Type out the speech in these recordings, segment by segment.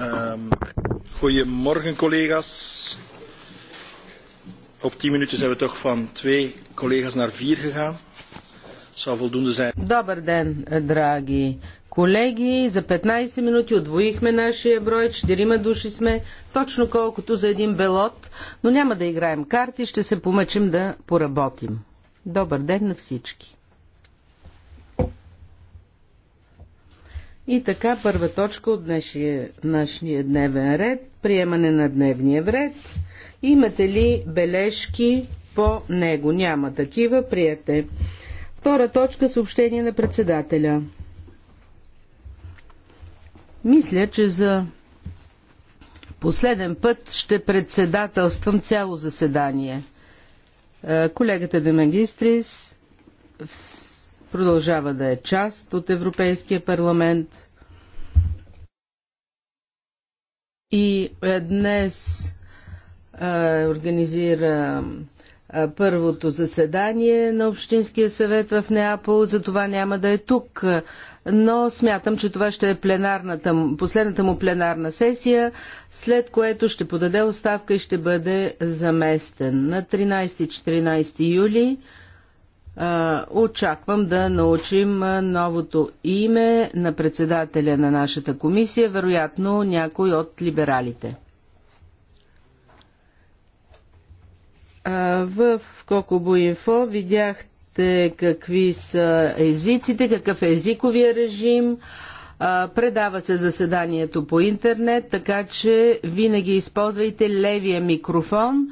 Ehm, goedemorgen collega's. Op tien minuten zijn we toch van twee collega's naar vier gegaan. Zou voldoende zijn. Добър ден, dragi. Е, колеги. За 15 минути отвоихме нашия брой. Четирима души сме, точно колкото за един белот. Но няма да играем карти, ще се помъчим да поработим. Добър ден на всички. И така, първа точка от днешния, нашия дневен ред, приемане на дневния ред. Имате ли бележки по него? Няма такива, приете. Втора точка, съобщение на председателя. Мисля, че за последен път ще председателствам цяло заседание. Е, колегата Демагистрис продължава да е част от Европейския парламент. И е, днес а, е, организира а, е, първото заседание на Общинския съвет в Неапол, затова няма да е тук. Но смятам, че това ще е пленарната, последната му пленарна сесия, след което ще подаде оставка и ще бъде заместен. На 13-14 юли Очаквам да научим новото име на председателя на нашата комисия, вероятно някой от либералите. В Кокобо Инфо видяхте какви са езиците, какъв е езиковия режим. Предава се заседанието по интернет, така че винаги използвайте левия микрофон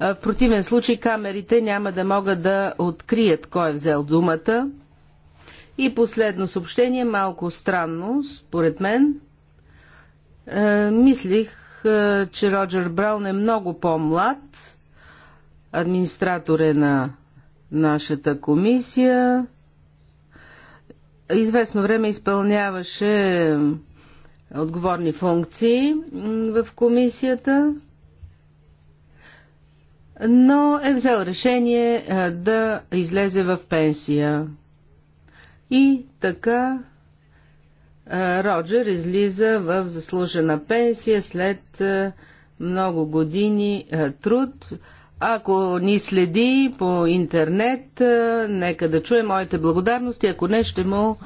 в противен случай камерите няма да могат да открият кой е взел думата. И последно съобщение, малко странно, според мен. мислих, че Роджер Браун е много по-млад. Администратор е на нашата комисия. Известно време изпълняваше отговорни функции в комисията но е взел решение да излезе в пенсия. И така Роджер излиза в заслужена пенсия след много години труд. Ако ни следи по интернет, нека да чуе моите благодарности, ако не ще му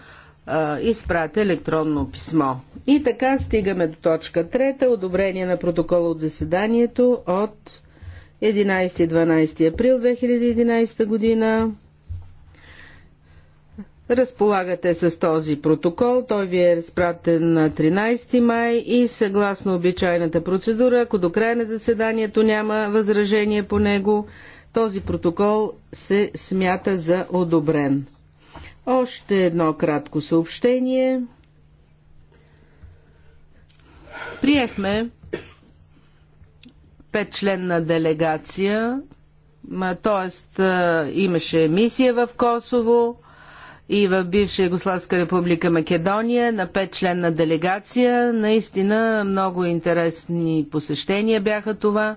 изпратя електронно писмо. И така стигаме до точка трета, одобрение на протокола от заседанието от 11-12 април 2011 година. Разполагате с този протокол, той ви е разпратен на 13 май и съгласно обичайната процедура, ако до края на заседанието няма възражение по него, този протокол се смята за одобрен. Още едно кратко съобщение. Приехме петчленна делегация, т.е. имаше мисия в Косово и в бивша Югославска република Македония на петчленна делегация. Наистина много интересни посещения бяха това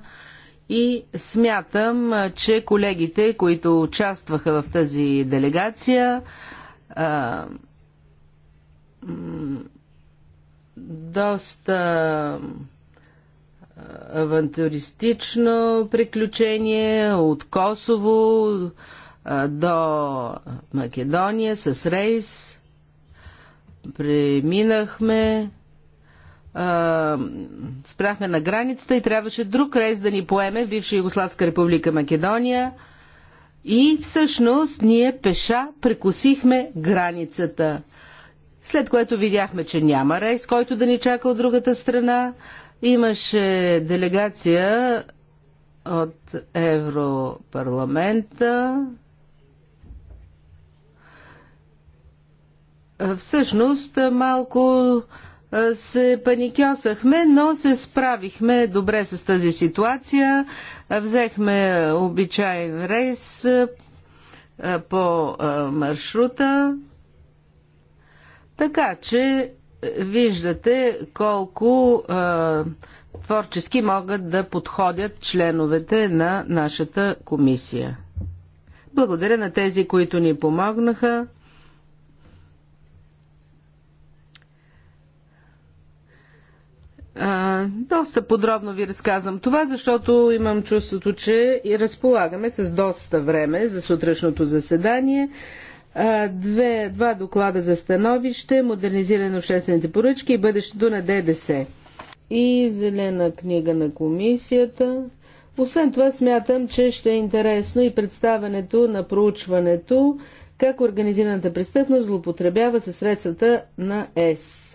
и смятам, че колегите, които участваха в тази делегация, доста авантюристично приключение от Косово до Македония с рейс. Преминахме, спряхме на границата и трябваше друг рейс да ни поеме в бивша Югославска република Македония. И всъщност ние пеша прекусихме границата. След което видяхме, че няма рейс, който да ни чака от другата страна. Имаше делегация от Европарламента. Всъщност малко се паникьосахме, но се справихме добре с тази ситуация. Взехме обичайен рейс по маршрута. Така че виждате колко а, творчески могат да подходят членовете на нашата комисия. Благодаря на тези, които ни помогнаха. А, доста подробно ви разказвам това, защото имам чувството, че и разполагаме с доста време за сутрешното заседание две, два доклада за становище, модернизиране на обществените поръчки и бъдещето на ДДС. И зелена книга на комисията. Освен това смятам, че ще е интересно и представенето на проучването как организираната престъпност злоупотребява със средствата на ЕС.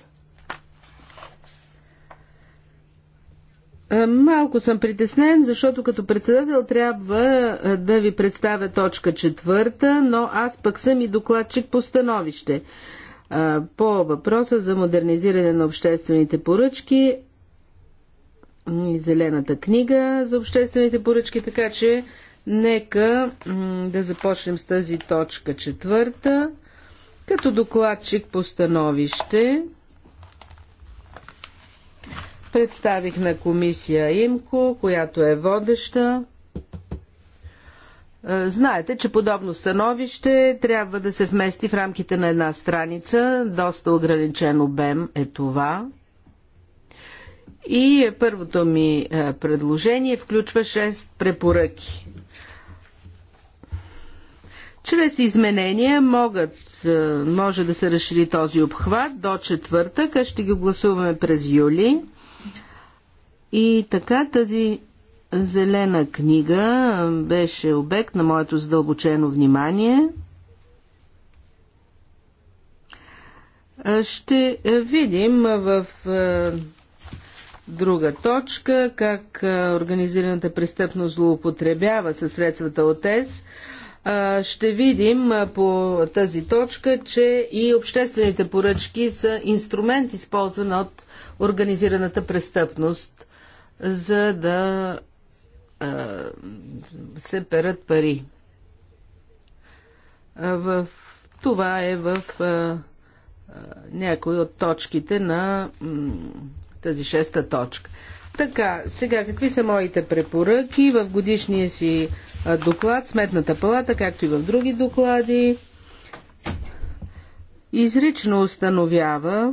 Е, малко съм притеснен, защото като председател трябва е, да ви представя точка четвърта, но аз пък съм и докладчик по становище. Е, по въпроса за модернизиране на обществените поръчки и зелената книга за обществените поръчки, така че нека да започнем с тази точка четвърта. Като докладчик по становище Представих на комисия ИМКО, която е водеща. Е, знаете, че подобно становище трябва да се вмести в рамките на една страница. Доста ограничен обем е това. И е първото ми е, предложение включва 6 препоръки. Чрез изменения могат, може да се разшири този обхват до четвъртък, а ще ги гласуваме през юли. И така тази зелена книга беше обект на моето задълбочено внимание. Ще видим в е, друга точка как е, организираната престъпност злоупотребява със средствата от ЕС. Е, ще видим по тази точка, че и обществените поръчки са инструмент използван от организираната престъпност за да а, се перат пари. А, в, това е в а, някои от точките на тази шеста точка. Така, сега какви са моите препоръки в годишния си доклад, Сметната палата, както и в други доклади, изрично установява,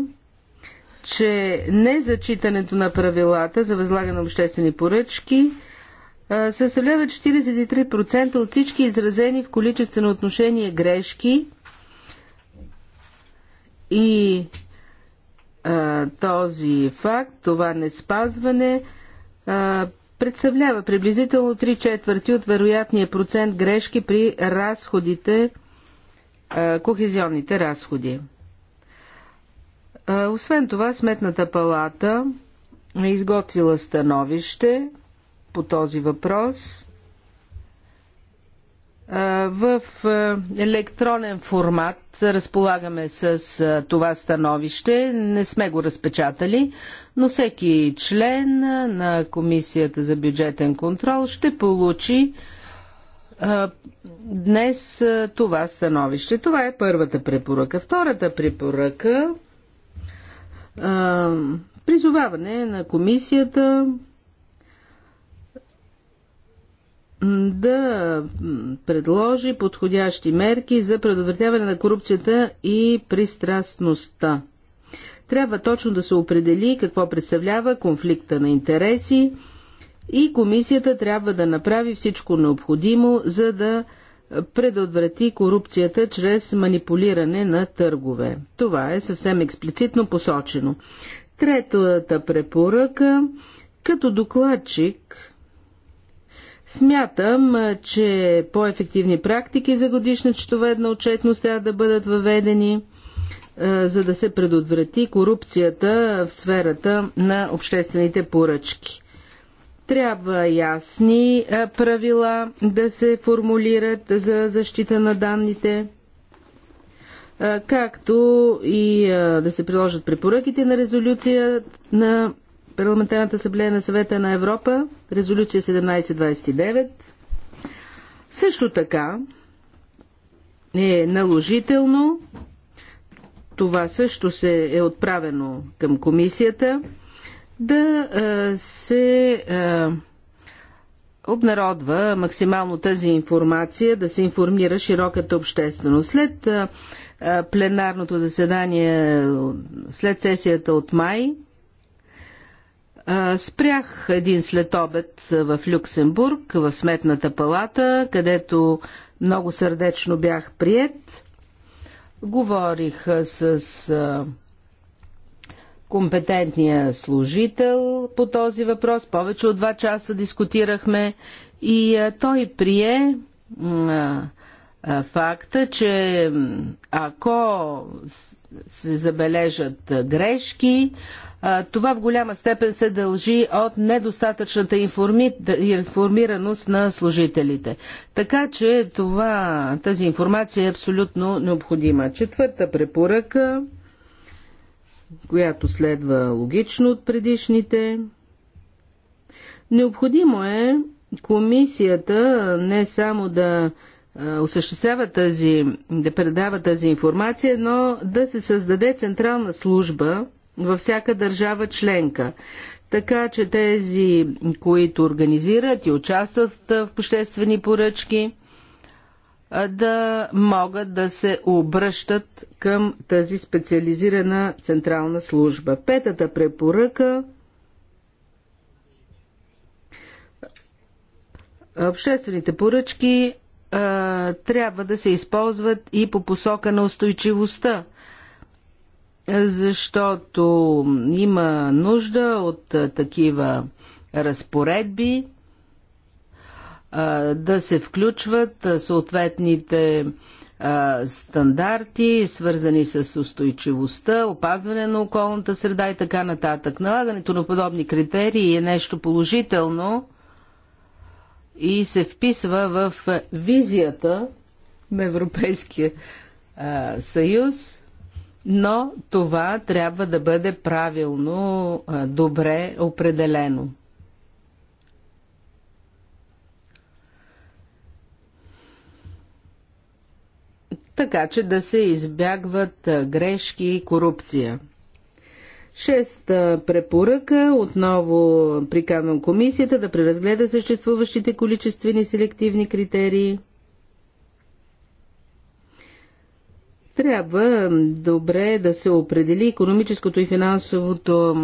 че незачитането на правилата за възлагане на обществени поръчки съставлява 43% от всички изразени в количествено отношение грешки и а, този факт, това неспазване а, представлява приблизително 3 четвърти от вероятния процент грешки при разходите, а, кохезионните разходи. Освен това, Сметната палата е изготвила становище по този въпрос в електронен формат разполагаме с това становище. Не сме го разпечатали, но всеки член на Комисията за бюджетен контрол ще получи днес това становище. Това е първата препоръка. Втората препоръка призоваване на комисията да предложи подходящи мерки за предотвратяване на корупцията и пристрастността. Трябва точно да се определи какво представлява конфликта на интереси и комисията трябва да направи всичко необходимо, за да предотврати корупцията чрез манипулиране на търгове. Това е съвсем експлицитно посочено. Третата препоръка като докладчик смятам, че по-ефективни практики за годишна четоведна отчетност трябва да бъдат въведени е, за да се предотврати корупцията в сферата на обществените поръчки. Трябва ясни е, правила да се формулират за защита на данните, е, както и е, да се приложат препоръките на резолюция на Парламентарната асамблея на съвета на Европа, резолюция 1729. Също така е наложително, това също се е отправено към комисията, да е, се е, обнародва максимално тази информация, да се информира широката общественост. След е, пленарното заседание, след сесията от май, спрях един след обед в Люксембург, в Сметната палата, където много сърдечно бях прият. Говорих с компетентния служител по този въпрос. Повече от два часа дискутирахме и той прие факта, че ако се забележат грешки, това в голяма степен се дължи от недостатъчната информи... информираност на служителите. Така че това, тази информация е абсолютно необходима. Четвърта препоръка която следва логично от предишните. Необходимо е комисията не само да осъществява тази, да предава тази информация, но да се създаде централна служба във всяка държава членка. Така че тези, които организират и участват в обществени поръчки, да могат да се обръщат към тази специализирана централна служба. Петата препоръка Обществените поръчки а, трябва да се използват и по посока на устойчивостта, защото има нужда от а, такива разпоредби, да се включват съответните стандарти, свързани с устойчивостта, опазване на околната среда и така нататък. Налагането на подобни критерии е нещо положително и се вписва в визията на Европейския съюз, но това трябва да бъде правилно, добре определено. така че да се избягват грешки и корупция. Шеста препоръка. Отново приканвам комисията да преразгледа съществуващите количествени селективни критерии. Трябва добре да се определи економическото и финансовото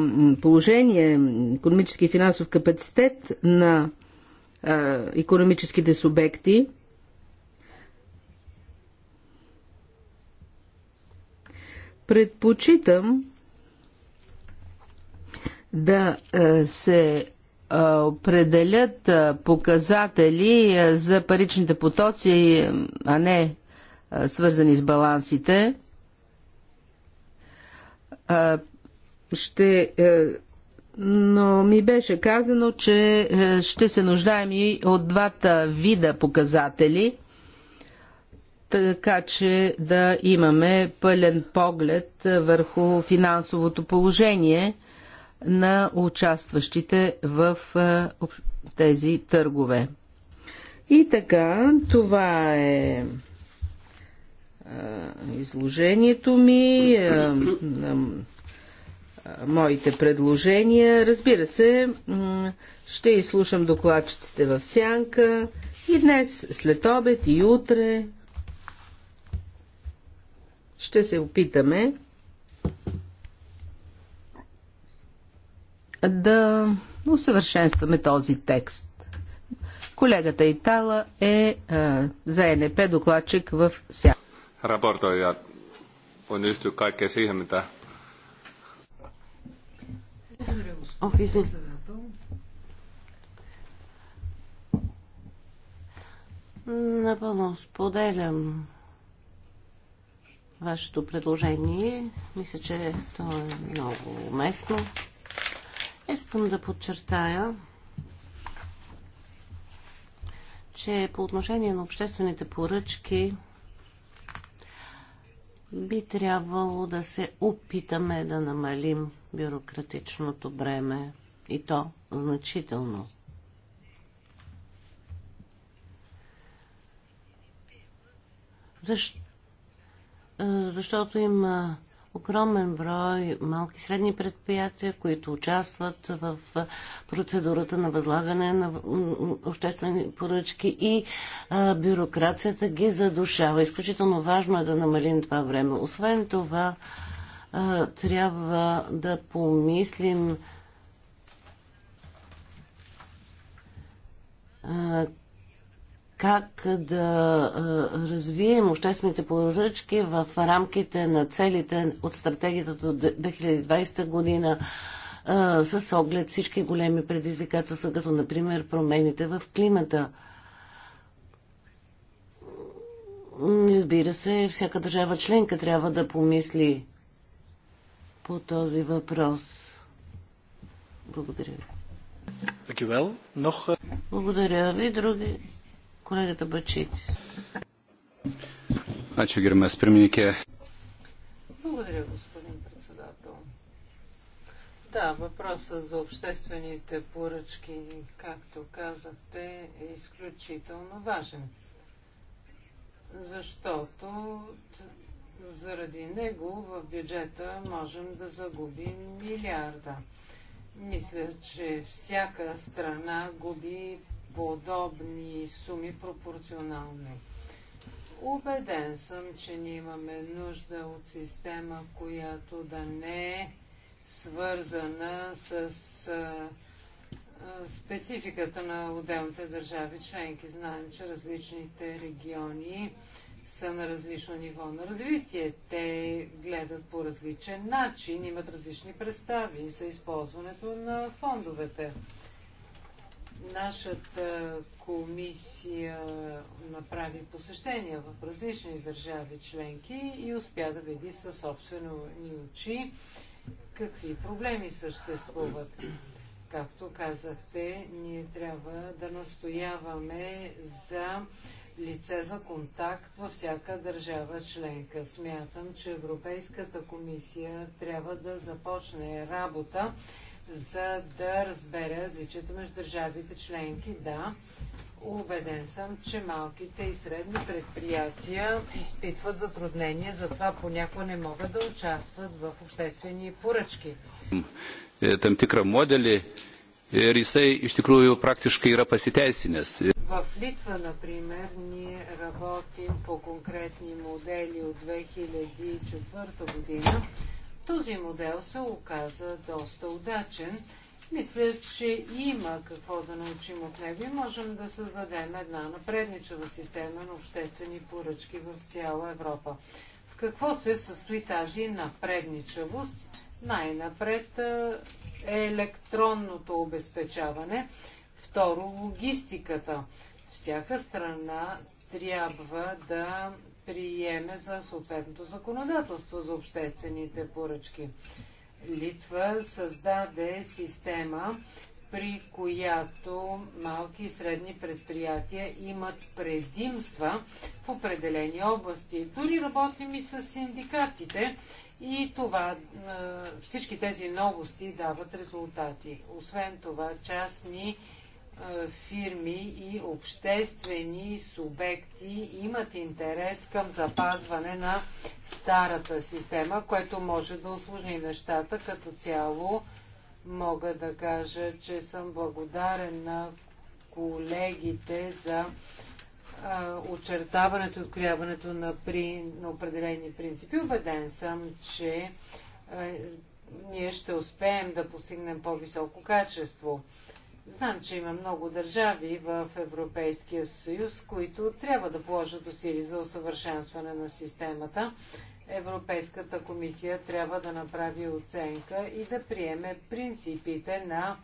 положение, економически и финансов капацитет на економическите субекти – Предпочитам да е, се е, определят е, показатели за паричните потоци, а не свързани с балансите. Ще, но ми беше казано, че ще се нуждаем и от двата вида показатели – така че да имаме пълен поглед върху финансовото положение на участващите в тези търгове. И така, това е изложението ми, моите предложения. Разбира се, ще изслушам докладчиците в сянка и днес, след обед и утре ще се опитаме да усъвършенстваме този текст. Колегата Итала е а, е, за НП докладчик в СЯ. Рапортоija on yhtyä kaikkeen siihen, mitä... Ох, Напълно споделям вашето предложение. Мисля, че то е много уместно. Искам да подчертая, че по отношение на обществените поръчки би трябвало да се опитаме да намалим бюрократичното бреме и то значително. Защо? Е, защото има огромен брой малки и средни предприятия, които участват в процедурата на възлагане на обществени поръчки и бюрокрацията ги задушава. Изключително важно е да намалим това време. Освен това, трябва да помислим как да развием обществените поръчки в рамките на целите от стратегията до 2020 година с оглед всички големи предизвикателства, като например промените в климата. Разбира се, всяка държава членка трябва да помисли по този въпрос. Благодаря ви. Благодаря ви. Други Колегата Бачитис. Ačiū, gerbiamas pirmininkė. Благодаря, господин председател. Да, въпросът за обществените поръчки, както казахте, е изключително важен. Защото заради него в бюджета можем да загубим милиарда. Мисля, че всяка страна губи подобни суми пропорционално. Убеден съм, че ние имаме нужда от система, която да не е свързана с а, спецификата на отделните държави членки. Знаем, че различните региони са на различно ниво на развитие. Те гледат по различен начин, имат различни представи за използването на фондовете. Нашата комисия направи посещения в различни държави членки и успя да види със ни очи какви проблеми съществуват. Както казахте, ние трябва да настояваме за лице за контакт във всяка държава членка. Смятам, че Европейската комисия трябва да започне работа за да разбере различията между държавите членки. Да, убеден съм, че малките и средни предприятия изпитват затруднения, затова понякога не могат да участват в обществени поръчки. Е, там тикра модели и jisai iš практически и yra pasiteisinęs. Е. В Литва, например, ние работим по конкретни модели от 2004 година този модел се оказа доста удачен. Мисля, че има какво да научим от него и можем да създадем една напредничава система на обществени поръчки в цяла Европа. В какво се състои тази напредничавост? Най-напред е електронното обезпечаване, второ логистиката. Всяка страна трябва да приеме за съответното законодателство за обществените поръчки. Литва създаде система, при която малки и средни предприятия имат предимства в определени области. Дори работим и с синдикатите и това, е, всички тези новости дават резултати. Освен това, частни фирми и обществени субекти имат интерес към запазване на старата система, което може да осложни нещата. Като цяло мога да кажа, че съм благодарен на колегите за а, очертаването и открояването на, при, на определени принципи. Убеден съм, че а, ние ще успеем да постигнем по-високо качество. Знам, че има много държави в Европейския съюз, които трябва да положат усилия за усъвършенстване на системата. Европейската комисия трябва да направи оценка и да приеме принципите на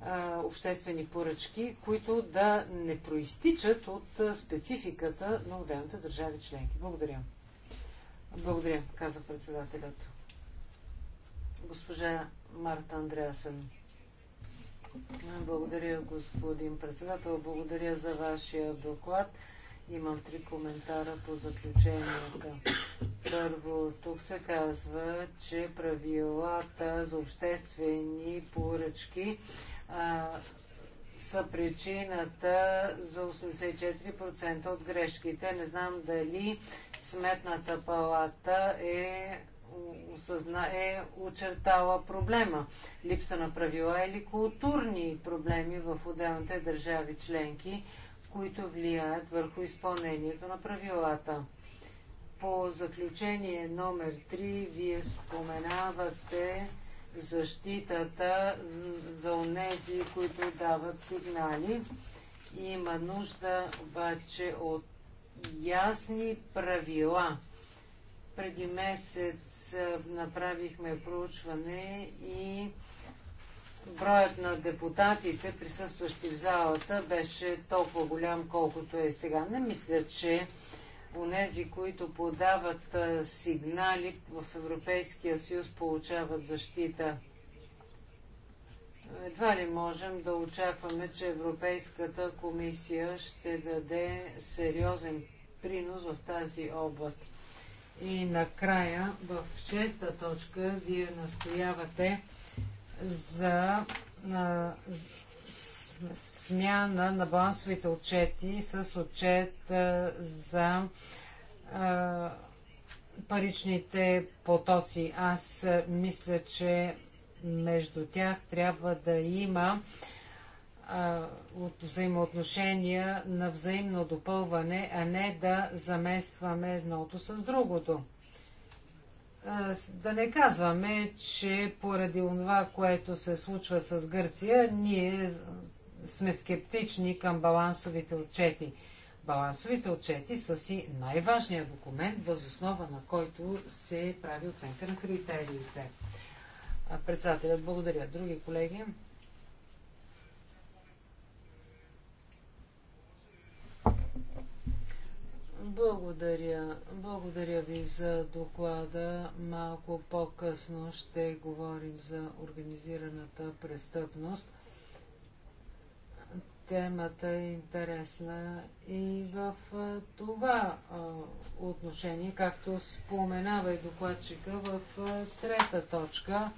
а, обществени поръчки, които да не проистичат от спецификата на отделните държави членки. Благодаря. Благодаря, каза председателят. Госпожа Марта Андреасен. Благодаря, господин председател. Благодаря за вашия доклад. Имам три коментара по заключенията. Първо, тук се казва, че правилата за обществени поръчки а, са причината за 84% от грешките. Не знам дали Сметната палата е е очертала проблема. Липса на правила или културни проблеми в отделните държави членки, които влияят върху изпълнението на правилата. По заключение номер 3 вие споменавате защитата за онези, които дават сигнали. Има нужда обаче от ясни правила. Преди месец направихме проучване и броят на депутатите, присъстващи в залата, беше толкова голям, колкото е сега. Не мисля, че онези, които подават сигнали в Европейския съюз, получават защита. Едва ли можем да очакваме, че Европейската комисия ще даде сериозен принос в тази област. И накрая, в шеста точка, вие настоявате за а, смяна на балансовите отчети с отчет а, за а, паричните потоци. Аз мисля, че между тях трябва да има от взаимоотношения на взаимно допълване, а не да заместваме едното с другото. Да не казваме, че поради това, което се случва с Гърция, ние сме скептични към балансовите отчети. Балансовите отчети са си най-важният документ, възоснова на който се прави оценка на критериите. Председателят, благодаря. Други колеги? Благодаря. Благодаря ви за доклада. Малко по-късно ще говорим за организираната престъпност. Темата е интересна и в това отношение, както споменава и докладчика в трета точка.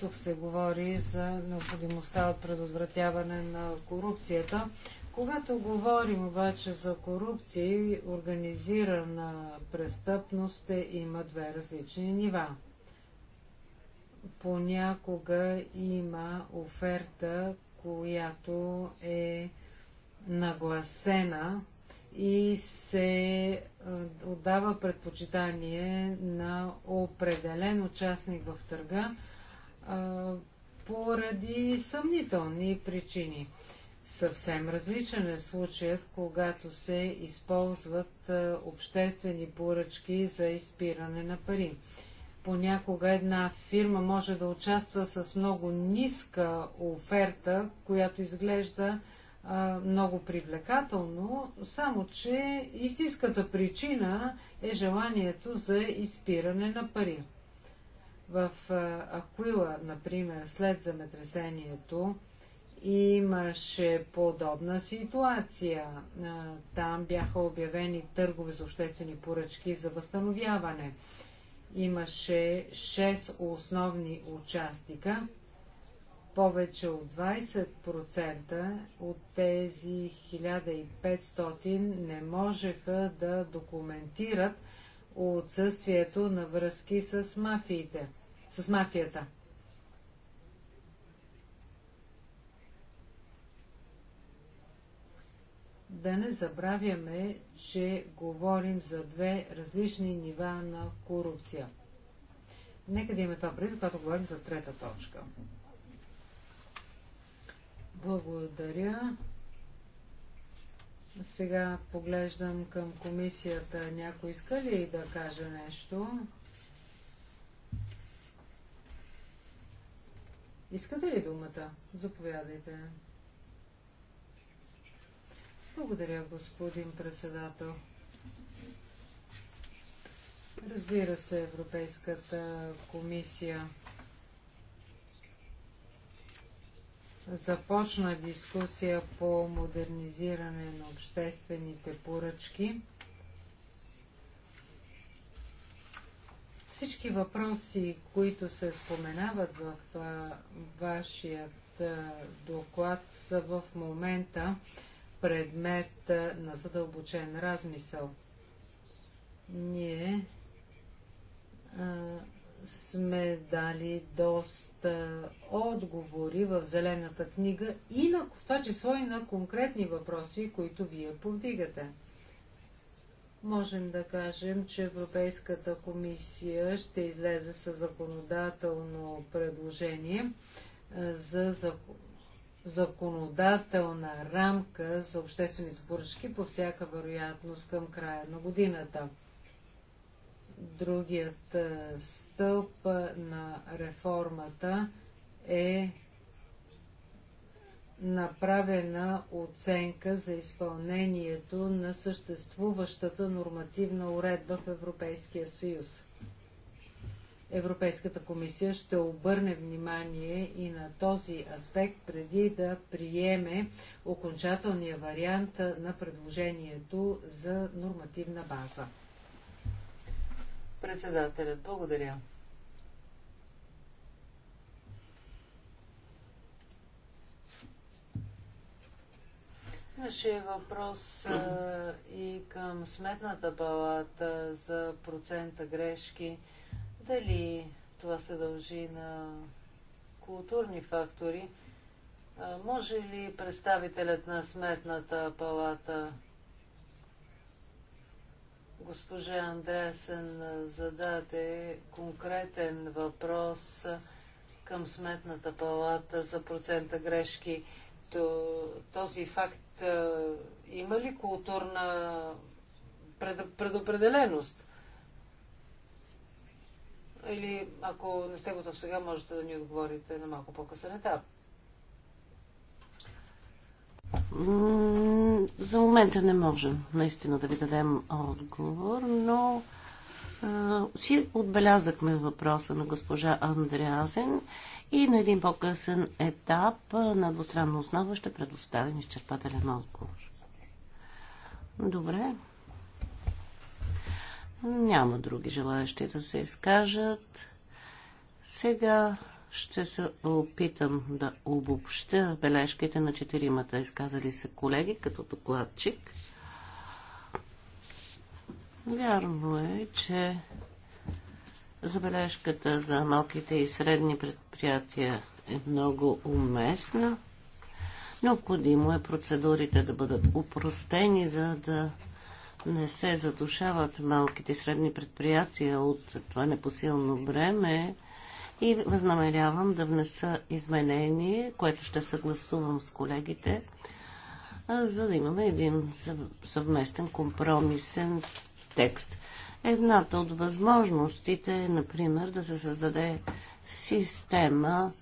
Тук се говори за необходимостта от предотвратяване на корупцията. Когато говорим обаче за корупция и организирана престъпност, има две различни нива. Понякога има оферта, която е нагласена и се отдава предпочитание на определен участник в търга поради съмнителни причини. Съвсем различен е случаят, когато се използват обществени поръчки за изпиране на пари. Понякога една фирма може да участва с много ниска оферта, която изглежда много привлекателно, само че истинската причина е желанието за изпиране на пари. В Акуила, например, след земетресението, имаше подобна ситуация. Там бяха обявени търгове за обществени поръчки за възстановяване. Имаше 6 основни участника. Повече от 20% от тези 1500 не можеха да документират отсъствието на връзки с мафиите, с мафията да не забравяме, че говорим за две различни нива на корупция. Нека да имаме това преди, когато говорим за трета точка. Благодаря. Сега поглеждам към комисията. Някой иска ли да каже нещо? Искате ли думата? Заповядайте. Благодаря, господин председател. Разбира се, Европейската комисия започна дискусия по модернизиране на обществените поръчки. Всички въпроси, които се споменават в вашият доклад, са в момента предмет на задълбочен размисъл. Ние а, сме дали доста отговори в Зелената книга и на, в това число и на конкретни въпроси, които вие повдигате. Можем да кажем, че Европейската комисия ще излезе с законодателно предложение за, за законодателна рамка за обществените поръчки по всяка вероятност към края на годината. Другият е, стълб е, на реформата е направена оценка за изпълнението на съществуващата нормативна уредба в Европейския съюз. Европейската комисия ще обърне внимание и на този аспект преди да приеме окончателния вариант на предложението за нормативна база. Председателят, благодаря. Имаше въпрос а, и към Сметната палата за процента грешки. Дали това се дължи на културни фактори? Може ли представителят на Сметната палата госпожа Андреасен зададе конкретен въпрос към Сметната палата за процента грешки. То, този факт има ли културна предопределеност? Или ако не сте готов сега, можете да ни отговорите на малко по-късен етап. За момента не можем наистина да ви дадем отговор, но а, си отбелязахме въпроса на госпожа Андреазен и на един по-късен етап на двустранна основа ще предоставим изчерпателен отговор. Добре. Няма други желаящи да се изкажат. Сега ще се опитам да обобща бележките на четиримата изказали се колеги като докладчик. Вярно е, че забележката за малките и средни предприятия е много уместна. Необходимо е процедурите да бъдат упростени, за да не се задушават малките и средни предприятия от това непосилно време, и възнамерявам да внеса изменение, което ще съгласувам с колегите, за да имаме един съвместен компромисен текст. Едната от възможностите е, например, да се създаде система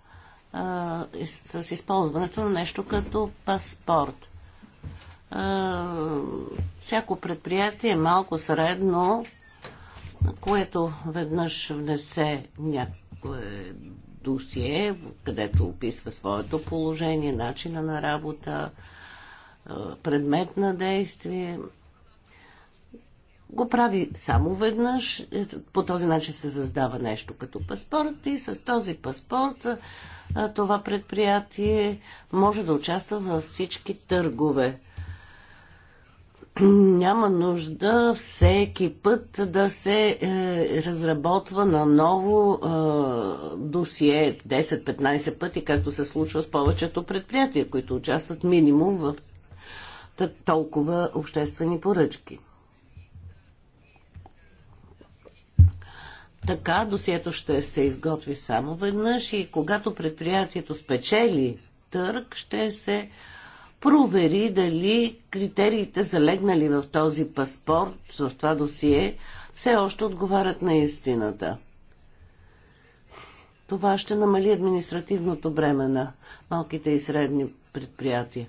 а, с използването на нещо като паспорт – всяко предприятие малко средно, което веднъж внесе някое досие, където описва своето положение, начина на работа, предмет на действие, го прави само веднъж. Е, по този начин се създава нещо като паспорт и с този паспорт това предприятие може да участва във всички търгове няма нужда всеки път да се е, разработва на ново е, досие 10-15 пъти, както се случва с повечето предприятия, които участват минимум в толкова обществени поръчки. Така досието ще се изготви само веднъж и когато предприятието спечели търг, ще се провери дали критериите залегнали в този паспорт, в това досие, все още отговарят на истината. Това ще намали административното бреме на малките и средни предприятия.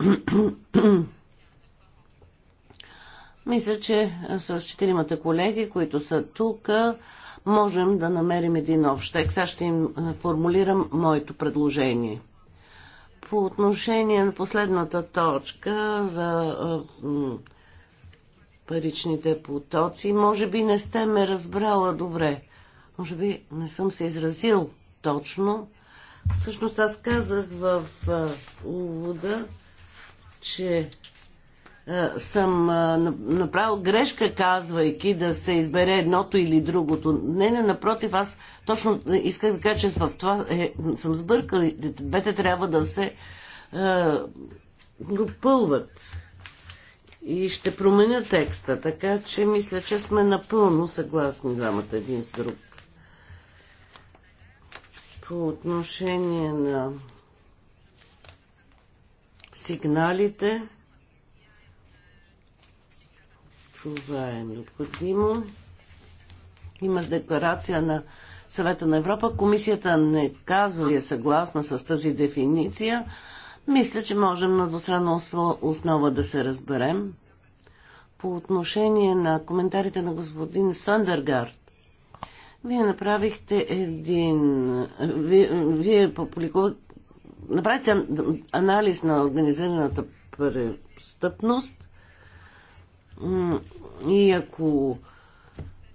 Мисля, че с четиримата колеги, които са тук, можем да намерим един общ текст. Аз ще им формулирам моето предложение. По отношение на последната точка за паричните потоци, може би не сте ме разбрала добре. Може би не съм се изразил точно. Всъщност аз казах в увода, че е, съм е, направил грешка, казвайки да се избере едното или другото. Не, не, напротив, аз точно исках да кажа, че в това е, съм сбъркал. Двете трябва да се е, допълват. И ще променя текста, така че мисля, че сме напълно съгласни двамата един с друг. По отношение на сигналите, Това е необходимо. Има декларация на съвета на Европа. Комисията не казва ли е съгласна с тази дефиниция. Мисля, че можем на двустранна основа да се разберем. По отношение на коментарите на господин Сандергард, вие направихте един... Вие, вие публикувахте... Направихте анализ на организираната престъпност и ако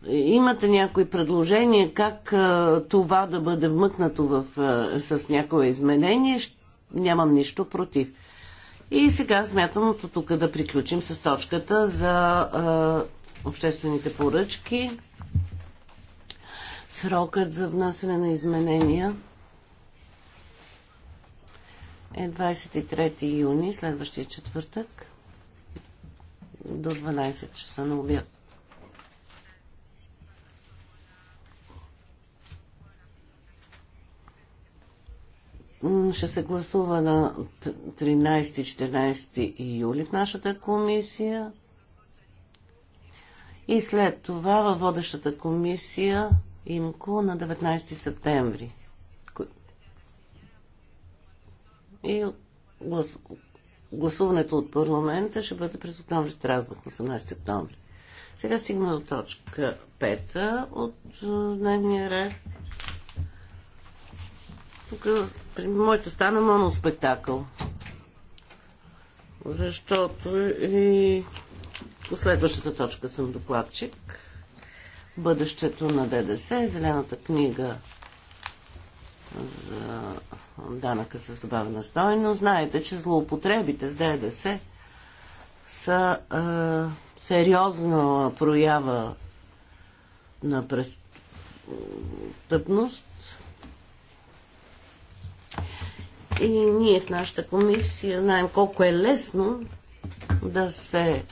имате някои предложения как това да бъде вмъкнато в, с някое изменение, нямам нищо против. И сега смятам от тук да приключим с точката за е, обществените поръчки. Срокът за внасяне на изменения е 23 юни, следващия четвъртък до 12 часа на обяд. Ще се гласува на 13-14 июли в нашата комисия. И след това във водещата комисия ИМКО на 19 септември. И гласуването от парламента ще бъде през октомври Страсбург, 18 октомври. Сега стигна до точка 5 от е, дневния ред. Тук при моето стана моноспектакъл. Защото и последващата точка съм докладчик. Бъдещето на ДДС, зелената книга за данъка с добавена стойност. Знаете, че злоупотребите с ДДС са е, сериозна проява на престъпност. И ние в нашата комисия знаем колко е лесно да се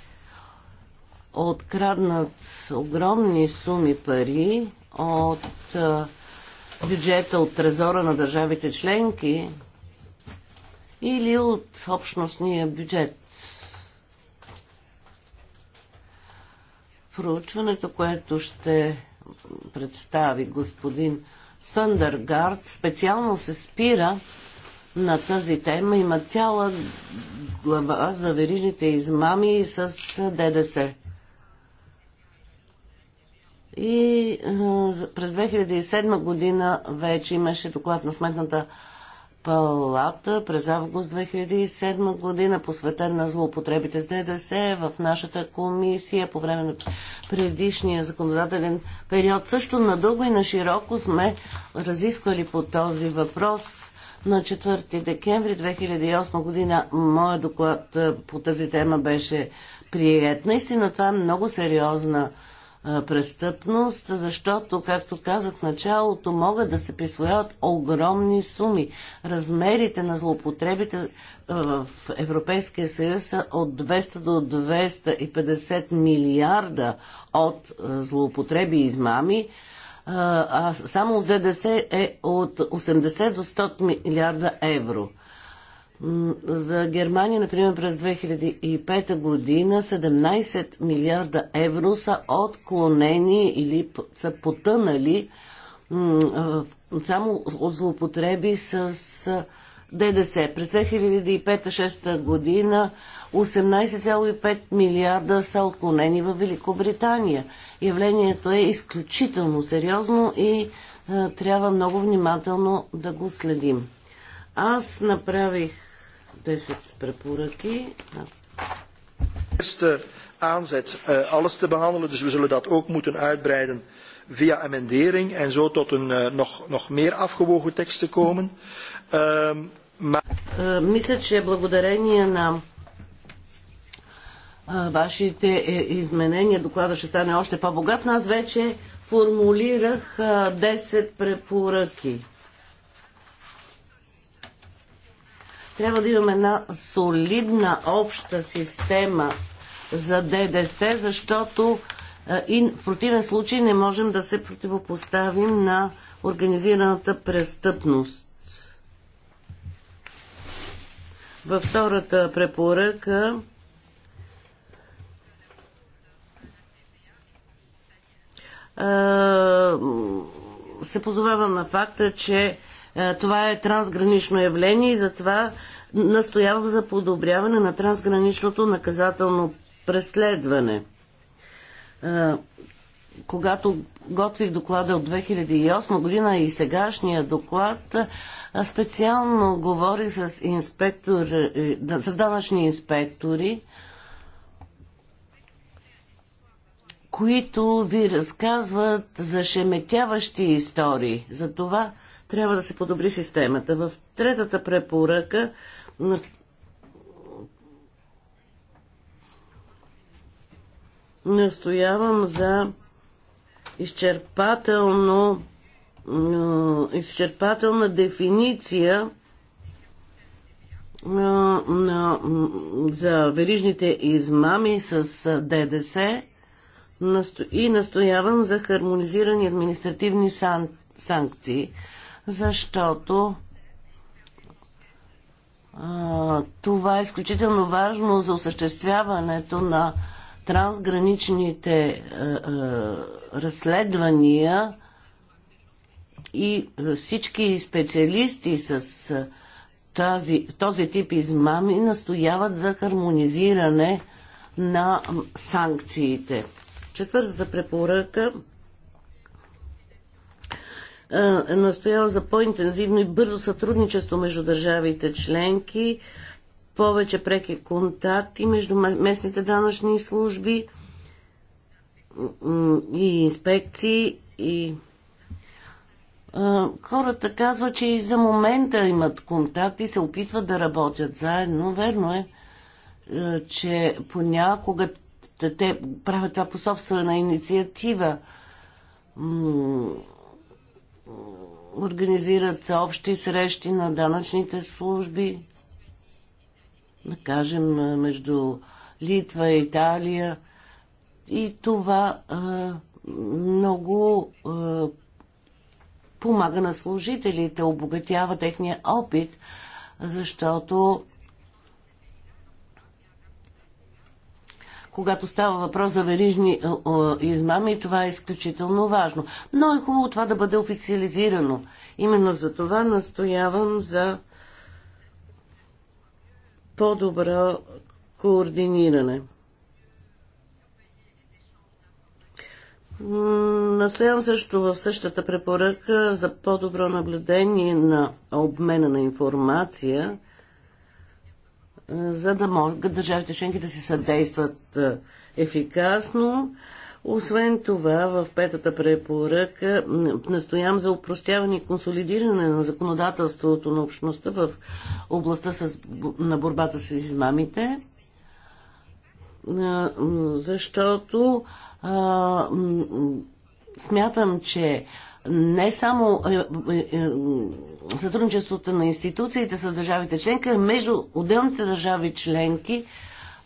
откраднат огромни суми пари от е, бюджета от трезора на държавите членки или от общностния бюджет. Проучването, което ще представи господин Съндъргард, специално се спира на тази тема. Има цяла глава за верижните измами с ДДС. И през 2007 година вече имаше доклад на Сметната палата през август 2007 година, посветен на злоупотребите с ДДС в нашата комисия по време на предишния законодателен период. Също надълго и на широко сме разисквали по този въпрос. На 4 декември 2008 година моят доклад по тази тема беше прият. Наистина това е много сериозна престъпност, защото, както казах в началото, могат да се присвояват огромни суми. Размерите на злоупотребите в Европейския съюз са от 200 до 250 милиарда от злоупотреби и измами, а само с ДДС е от 80 до 100 милиарда евро. За Германия, например, през 2005 година 17 милиарда евро са отклонени или са потънали само от злоупотреби с ДДС. През 2005-2006 година 18,5 милиарда са отклонени в Великобритания. Явлението е изключително сериозно и трябва много внимателно да го следим. Аз направих 10 препоръки. Eerste aanzet alles te behandelen, dus we zullen dat ook moeten uitbreiden via amendering en zo tot een nog, nog meer afgewogen tekst te komen. Мисля, че благодарение на вашите изменения доклада ще стане още по-богат. Аз вече формулирах 10 препоръки. Трябва да имаме една солидна обща система за ДДС, защото е, и в противен случай не можем да се противопоставим на организираната престъпност. Във втората препоръка е, се позовавам на факта, че е, това е трансгранично явление и затова настоявам за подобряване на трансграничното наказателно преследване. Е, когато готвих доклада от 2008 година и сегашния доклад, е, специално говорих с, инспектор, с данъчни инспектори, които ви разказват за шеметяващи истории, за това трябва да се подобри системата. В третата препоръка настоявам за изчерпателно изчерпателна дефиниция на, на, за верижните измами с ДДС и настоявам за хармонизирани административни сан, санкции защото а, това е изключително важно за осъществяването на трансграничните а, а, разследвания и всички специалисти с тази, този тип измами настояват за хармонизиране на санкциите. Четвъртата препоръка е, е настоял за по-интензивно и бързо сътрудничество между държавите членки, повече преки контакти между местните данъчни служби и инспекции и е, хората казват, че и за момента имат контакти, и се опитват да работят заедно. Верно е, е че понякога те правят това по собствена инициатива. Организират се общи срещи на данъчните служби, да кажем, между Литва и Италия. И това а, много а, помага на служителите, обогатява техния опит, защото когато става въпрос за верижни е, е, измами, това е изключително важно. Но е хубаво това да бъде официализирано. Именно за това настоявам за по-добро координиране. Настоявам също в същата препоръка за по-добро наблюдение на обмена на информация за да могат държавите членки да си съдействат е, ефикасно. Освен това, в петата препоръка настоявам за упростяване и консолидиране на законодателството на общността в областта с, на борбата с измамите, е, защото а, смятам, че не само е, сътрудничеството на институциите с държавите членка между отделните държави членки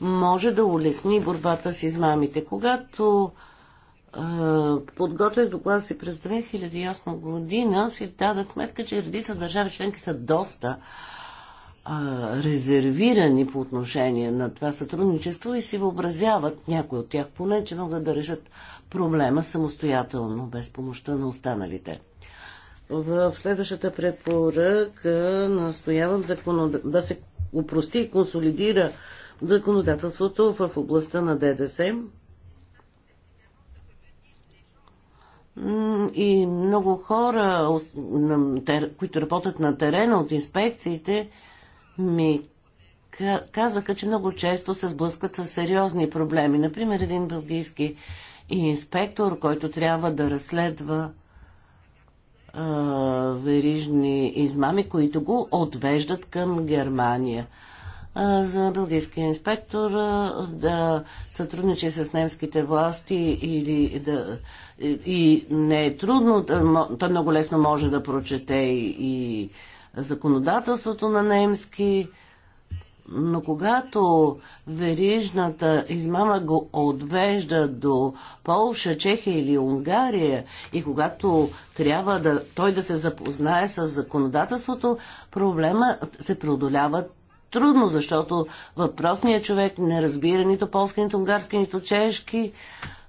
може да улесни борбата с измамите. Когато е, подготвях доклада си през 2008 година, си дадат сметка, че редица държави членки са доста е, резервирани по отношение на това сътрудничество и си въобразяват, някои от тях поне, че могат да решат проблема самостоятелно, без помощта на останалите. В следващата препоръка настоявам законод... да се упрости и консолидира законодателството в областта на ДДС. И много хора, които работят на терена от инспекциите, ми казаха, че много често се сблъскват с сериозни проблеми. Например, един бългийски инспектор, който трябва да разследва верижни измами, които го отвеждат към Германия. За бългийския инспектор да сътрудничи с немските власти или да, и не е трудно, той много лесно може да прочете и законодателството на немски, но когато верижната измама го отвежда до Полша, Чехия или Унгария и когато трябва да, той да се запознае с законодателството, проблема се преодолява трудно, защото въпросният човек не разбира нито полски, нито унгарски, нито чешки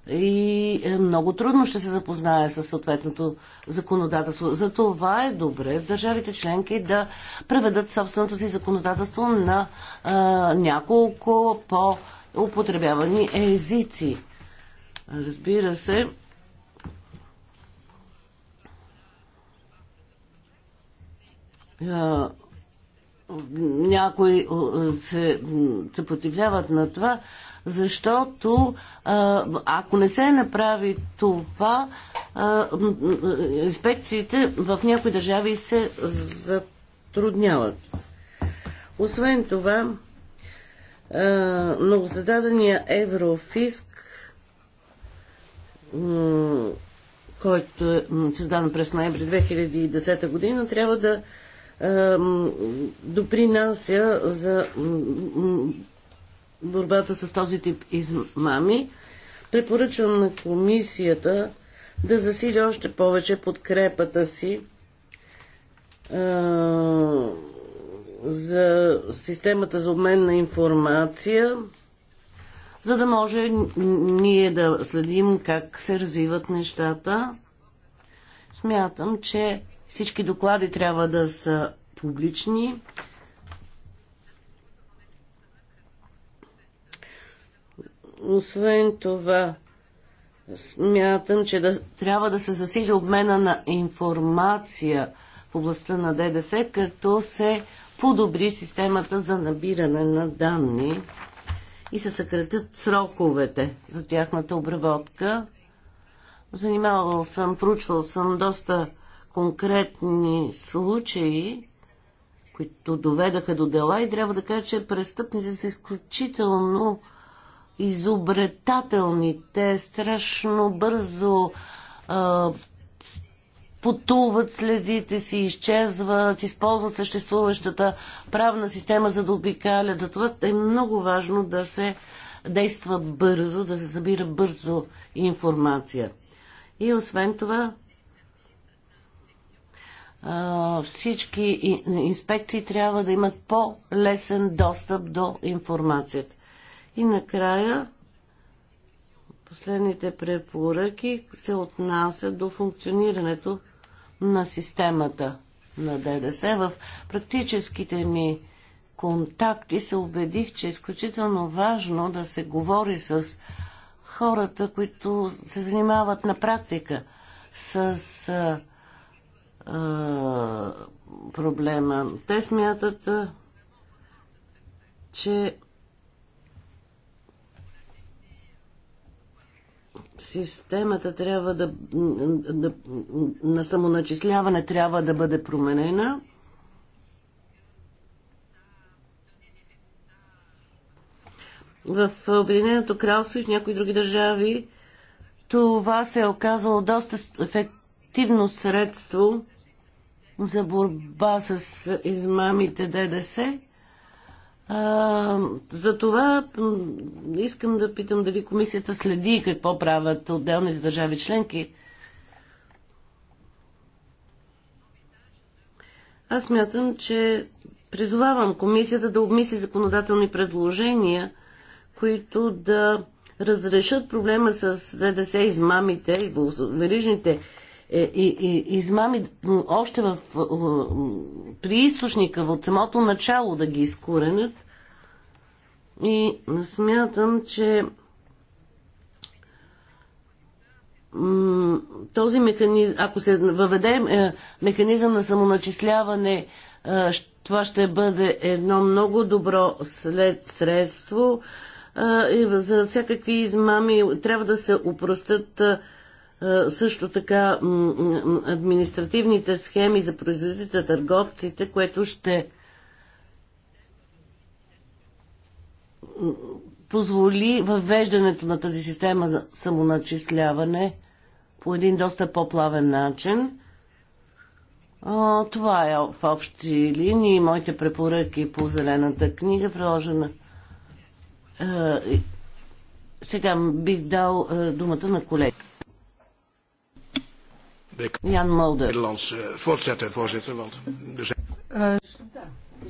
и е, много трудно ще се запознае с съответното законодателство. За това е добре държавите членки да преведат собственото си законодателство на а, е, няколко по-употребявани езици. Разбира се, а, е, някои се съпротивляват на това, защото ако не се направи това, инспекциите в някои държави се затрудняват. Освен това, новозададения Еврофиск, който е създан през ноември 2010 година, трябва да допринася за борбата с този тип измами, препоръчвам на комисията да засили още повече подкрепата си а, за системата за обмен на информация, за да може ние да следим как се развиват нещата. Смятам, че всички доклади трябва да са публични Освен това, смятам, че да, трябва да се засили обмена на информация в областта на ДДС, като се подобри системата за набиране на данни и се съкратят сроковете за тяхната обработка. Занимавал съм, проучвал съм доста конкретни случаи, които доведаха до дела и трябва да кажа, че престъпни са изключително изобретателните, страшно бързо а, потулват следите си, изчезват, използват съществуващата правна система за да обикалят. Затова е много важно да се действа бързо, да се събира бързо информация. И освен това, всички инспекции трябва да имат по-лесен достъп до информацията. И накрая последните препоръки се отнасят до функционирането на системата на ДДС. В практическите ми контакти се убедих, че е изключително важно да се говори с хората, които се занимават на практика с а, а, проблема. Те смятат, че Системата трябва да, да на самоначисляване трябва да бъде променена. В Обединеното кралство и в някои други държави това се е оказало доста ефективно средство за борба с измамите ДДС а, за това искам да питам дали комисията следи какво правят отделните държави членки. Аз мятам, че призовавам комисията да обмисли законодателни предложения, които да разрешат проблема с ДДС измамите и верижните е, и, и, измами още в, е, при източника, от самото начало да ги изкоренят. И смятам, че този механизъм, ако се въведе е, механизъм на самоначисляване, това ще бъде едно много добро след средство за всякакви измами. Трябва да се упростят е, също така административните схеми за производителите, търговците, което ще позволи въвеждането на тази система за самоначисляване по един доста по-плавен начин. Е, това е в общи линии моите препоръки по зелената книга, приложена. Е, сега бих дал думата на колегите. Er е,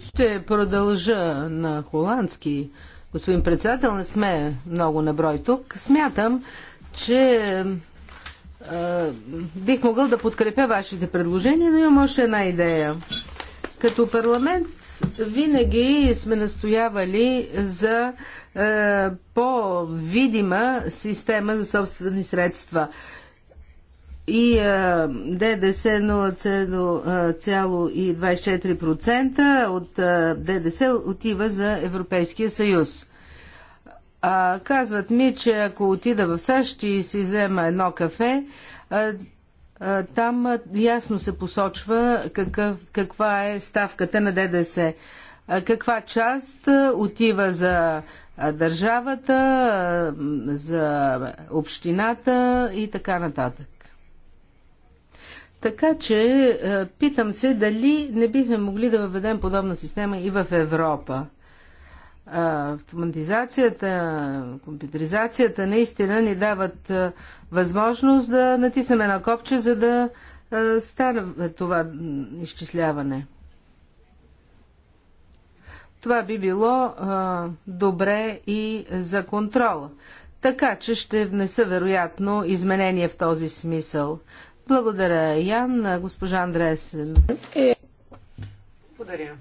ще продължа на холандски. Господин председател, не сме много на брой тук. Смятам, че е, бих могъл да подкрепя вашите предложения, но имам още една идея. Като парламент винаги сме настоявали за е, по-видима система за собствени средства и ДДС 0,24% от ДДС отива за Европейския съюз. казват ми, че ако отида в САЩ и си взема едно кафе, там ясно се посочва какъв, каква е ставката на ДДС. каква част отива за държавата, за общината и така нататък. Така че е, питам се дали не бихме могли да въведем подобна система и в Европа. Е, автоматизацията, компютризацията наистина ни дават е, възможност да натиснем на копче, за да стане това изчисляване. Това би било а, добре и за контрол. Така че ще внеса вероятно изменение в този смисъл. Благодаря, Ян. Госпожа Андресен. Е. Благодаря.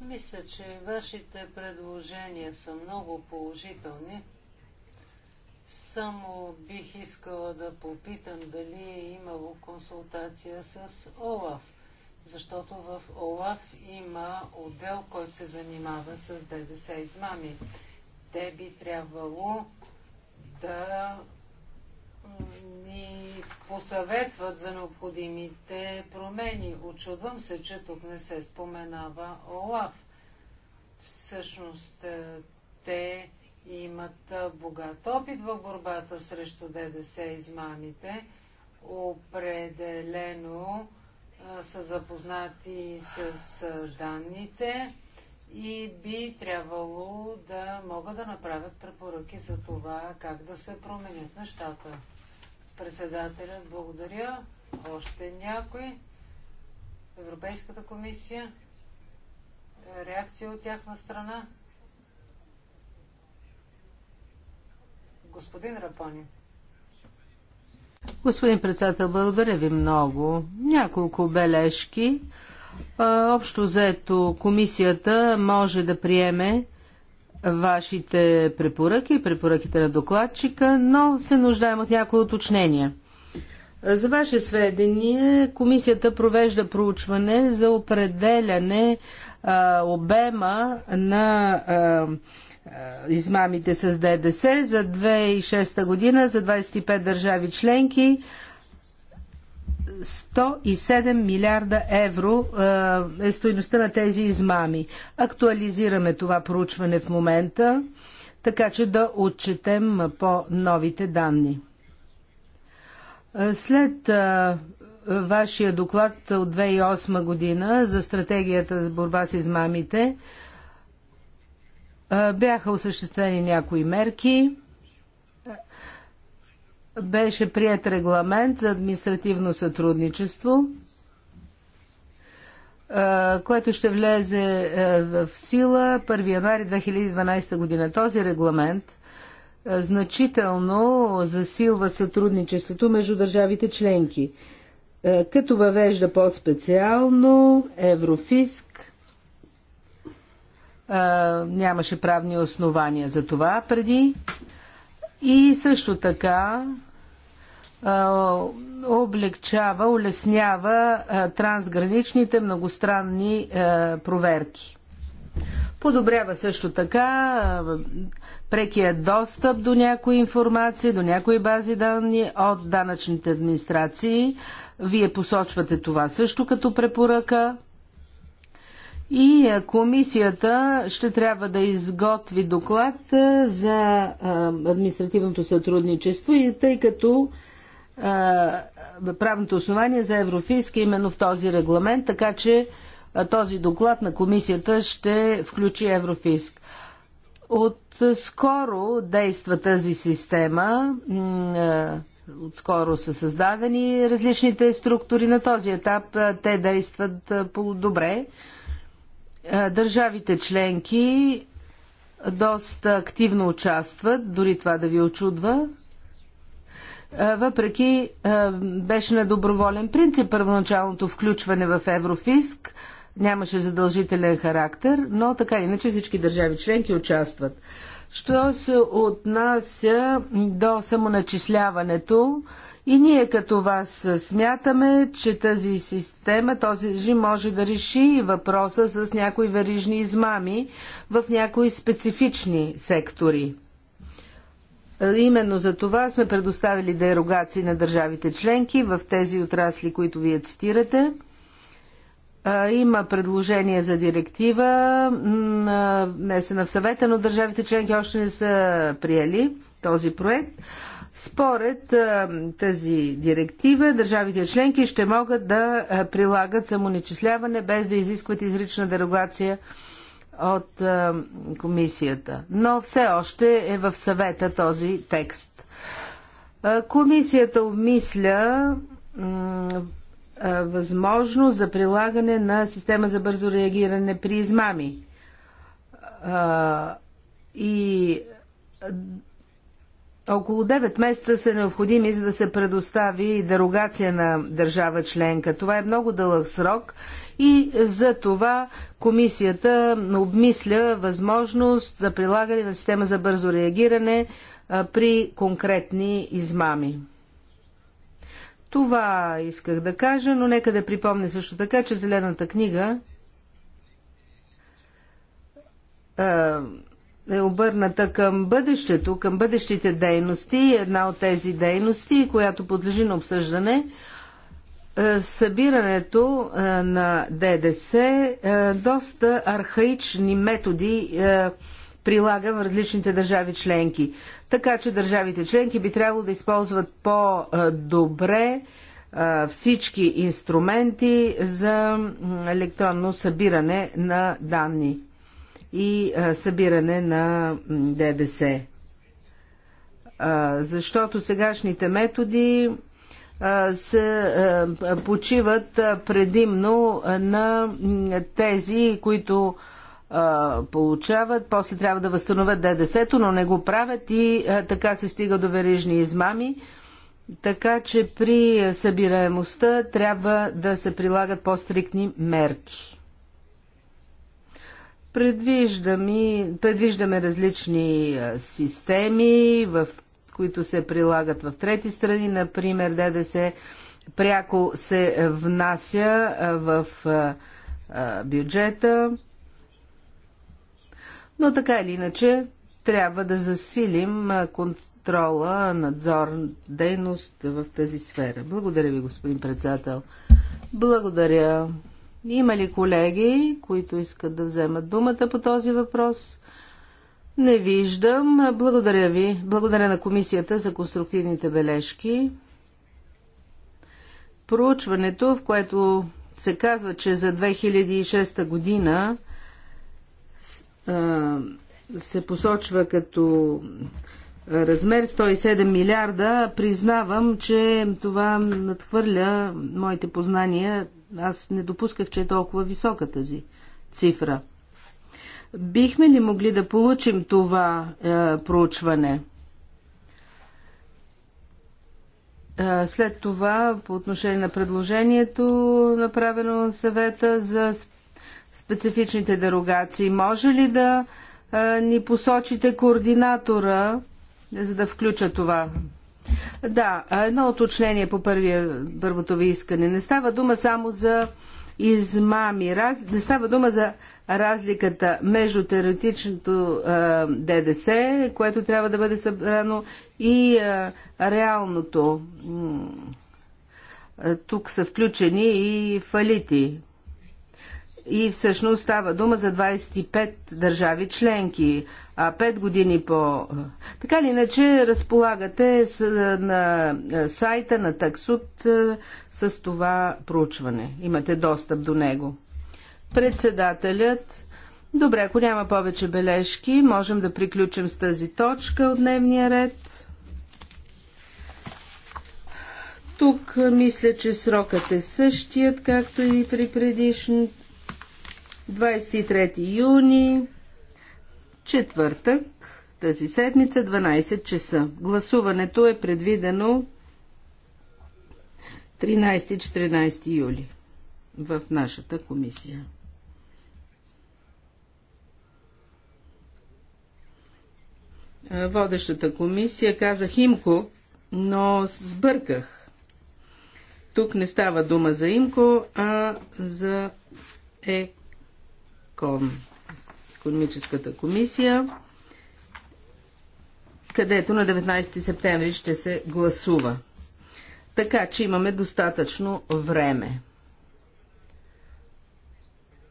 Мисля, че вашите предложения са много положителни. Само бих искала да попитам дали е имало консултация с ОЛАФ, защото в ОЛАФ има отдел, който се занимава с ДДС измами. Те би трябвало да ни посъветват за необходимите промени. Очудвам се, че тук не се споменава ОЛАФ. Всъщност е, те имат е, богат опит в борбата срещу ДДС измамите. Определено е, са запознати с данните и би трябвало да могат да направят препоръки за това как да се променят нещата. Председателят, благодаря. Още някой? Европейската комисия? Реакция от тяхна страна? Господин Рапони. Господин председател, благодаря ви много. Няколко бележки. Общо заето комисията може да приеме вашите препоръки, препоръките на докладчика, но се нуждаем от някои уточнения. За ваше сведение, комисията провежда проучване за определяне а, обема на а, измамите с ДДС за 2006 година за 25 държави членки 107 милиарда евро е, е стоеността на тези измами. Актуализираме това проучване в момента, така че да отчетем по-новите данни. Е, след е, вашия доклад от 2008 година за стратегията за борба с измамите бяха осъществени някои мерки беше прият регламент за административно сътрудничество, което ще влезе в сила 1 януари 2012 година. Този регламент значително засилва сътрудничеството между държавите членки, като въвежда по-специално Еврофиск. Нямаше правни основания за това преди и също така облегчава, улеснява трансграничните многостранни проверки. Подобрява също така прекия достъп до някои информации, до някои бази данни от данъчните администрации. Вие посочвате това също като препоръка. И е, комисията ще трябва да изготви доклад е, за е, административното сътрудничество и тъй като правното основание за Еврофиск е именно в този регламент, така че този доклад на комисията ще включи Еврофиск. От скоро действа тази система, отскоро са създадени различните структури. На този етап те действат по добре. Е, държавите членки доста активно участват, дори това да ви очудва. Е, въпреки е, беше на доброволен принцип първоначалното включване в Еврофиск, нямаше задължителен характер, но така иначе всички държави членки участват. Що се отнася до самоначисляването, и ние като вас смятаме, че тази система, този режим може да реши въпроса с някои верижни измами в някои специфични сектори. Е, именно за това сме предоставили дерогации на държавите членки в тези отрасли, които вие цитирате. Е, има предложение за директива, е, са в съвета, но държавите членки още не са приели този проект. Според тази директива, държавите членки ще могат да прилагат самоначисляване без да изискват изрична дерогация от комисията. Но все още е в съвета този текст. Комисията обмисля възможност за прилагане на система за бързо реагиране при измами. И около 9 месеца са необходими, за да се предостави дерогация на държава членка. Това е много дълъг срок и за това комисията обмисля възможност за прилагане на система за бързо реагиране при конкретни измами. Това исках да кажа, но нека да припомня също така, че Зелената книга е обърната към бъдещето, към бъдещите дейности. Една от тези дейности, която подлежи на обсъждане, е, събирането е, на ДДС е, доста архаични методи прилага в различните държави членки. Така че държавите членки би трябвало да използват по-добре всички инструменти за електронно събиране на данни и събиране на ДДС. Защото сегашните методи се почиват предимно на тези, които получават, после трябва да възстановят ДДС, но не го правят и така се стига до верижни измами. Така че при събираемостта трябва да се прилагат по-стрикни мерки. Предвиждаме, предвиждаме различни системи, в които се прилагат в трети страни, например ДДС пряко се внася в бюджета. Но така или иначе, трябва да засилим контрола, надзор, дейност в тази сфера. Благодаря ви, господин председател. Благодаря. Има ли колеги, които искат да вземат думата по този въпрос? Не виждам. Благодаря ви. Благодаря на комисията за конструктивните бележки. Проучването, в което се казва, че за 2006 година се посочва като размер 107 милиарда, признавам, че това надхвърля моите познания аз не допусках, че е толкова висока тази цифра. Бихме ли могли да получим това е, проучване? Е, след това, по отношение на предложението, направено на съвета за специфичните дерогации, може ли да е, ни посочите координатора, за да включа това да, едно уточнение по първия, първото ви искане. Не става дума само за измами. Раз... Не става дума за разликата между теоретичното е, ДДС, което трябва да бъде събрано, и е, реалното. Тук са включени и фалити. И всъщност става дума за 25 държави членки а 5 години по... Така ли, иначе, разполагате на сайта на таксут е, с това проучване. Имате достъп до него. Председателят... Добре, ако няма повече бележки, можем да приключим с тази точка от дневния ред. Тук е, мисля, че срокът е същият, както и при предишни 23 юни четвъртък, тази седмица, 12 часа. Гласуването е предвидено 13-14 юли в нашата комисия. Водещата комисия казах Имко, но сбърках. Тук не става дума за Имко, а за Екон економическата комисия, където на 19 септември ще се гласува. Така че имаме достатъчно време,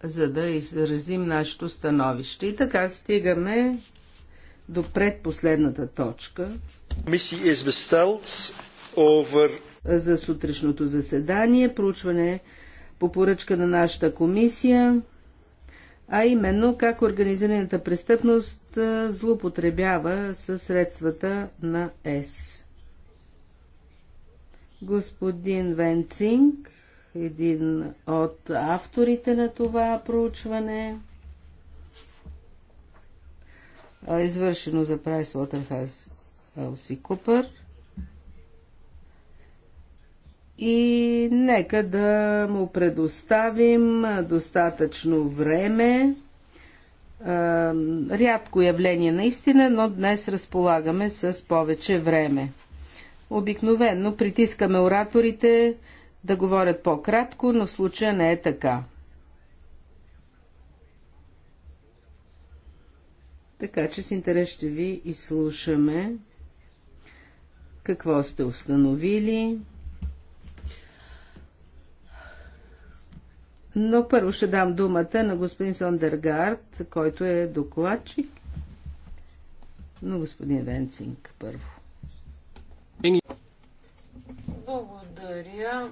за да изразим нашето становище. И така стигаме до предпоследната точка. Мисия е besteld over за сутрешното заседание, проучване по поръчка на нашата комисия а именно как организираната престъпност злоупотребява със средствата на ЕС. Господин Венцинг, един от авторите на това проучване, извършено за Pricewaterhouse Елси Купър, и нека да му предоставим достатъчно време. Рядко явление наистина, но днес разполагаме с повече време. Обикновенно притискаме ораторите да говорят по-кратко, но случая не е така. Така че с интерес ще ви изслушаме какво сте установили, Но първо ще дам думата на господин Сондергард, който е докладчик. Но господин Венцинг първо. Благодаря.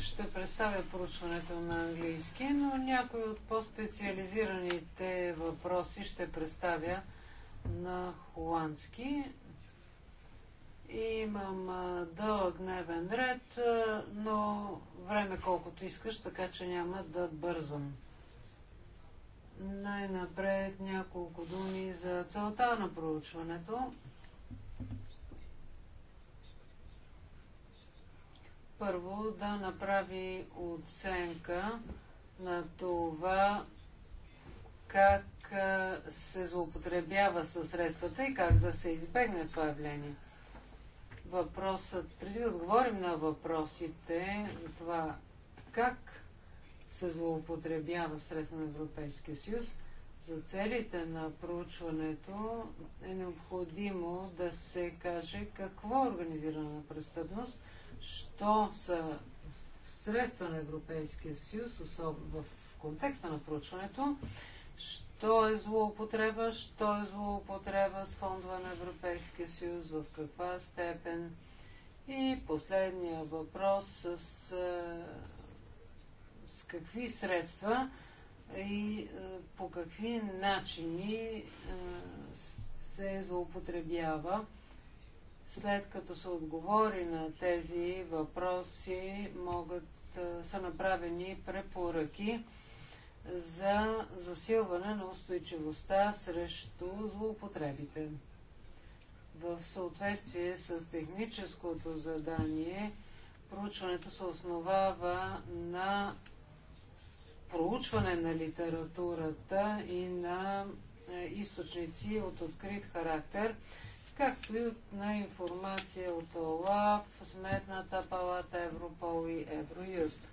Ще представя проучването на английски, но някои от по-специализираните въпроси ще представя на холандски. Имам дълъг дневен ред, но време колкото искаш, така че няма да бързам. Най-напред няколко думи за целта на проучването. Първо да направи оценка на това как се злоупотребява със средствата и как да се избегне това явление. Въпросът, преди да отговорим на въпросите, това как се злоупотребява средства на Европейския съюз, за целите на проучването е необходимо да се каже какво е организирана престъпност, що са средства на Европейския съюз, особено в контекста на проучването, то е злоупотреба? Що е злоупотреба с фондове на Европейския съюз? В каква степен? И последния въпрос с, е, с какви средства и е, по какви начини е, се злоупотребява. След като се отговори на тези въпроси, могат са направени препоръки за засилване на устойчивостта срещу злоупотребите. В съответствие с техническото задание, проучването се основава на проучване на литературата и на е, източници от открит характер, както и на информация от ОЛАФ, Сметната палата, Европол и Евроюст.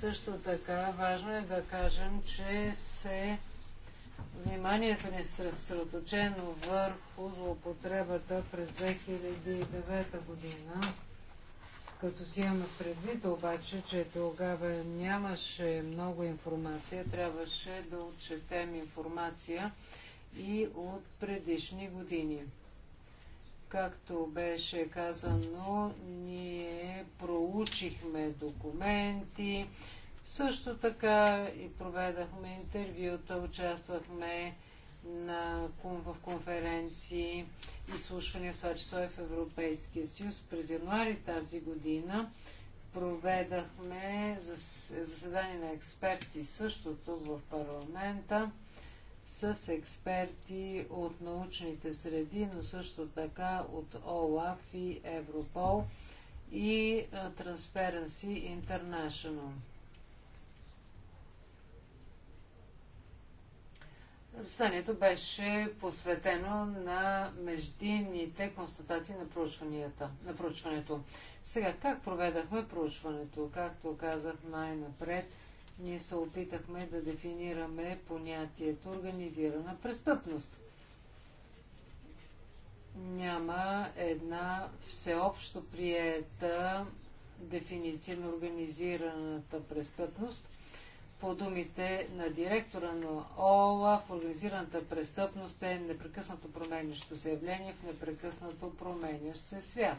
Също така важно е да кажем, че се вниманието ни е съсредоточено върху злоупотребата през 2009 година, като си имаме предвид обаче, че тогава нямаше много информация, трябваше да отчетем информация и от предишни години. Както беше казано, ние проучихме документи, също така и проведахме интервюта, участвахме на, в конференции, и изслушвания, в това число и в Европейския съюз. През януари тази година проведахме заседание на експерти същото в парламента с експерти от научните среди, но също така от ОЛАФ и Европол и е, Transparency International. Заседанието беше посветено на междинните констатации на, проучванията, на проучването. Сега, как проведахме проучването? Както казах най-напред – ние се опитахме да дефинираме понятието организирана престъпност. Няма една всеобщо приета дефиниция на организираната престъпност. По думите на директора на ОЛАФ, организираната престъпност е непрекъснато променящо се явление в непрекъснато променящ се свят.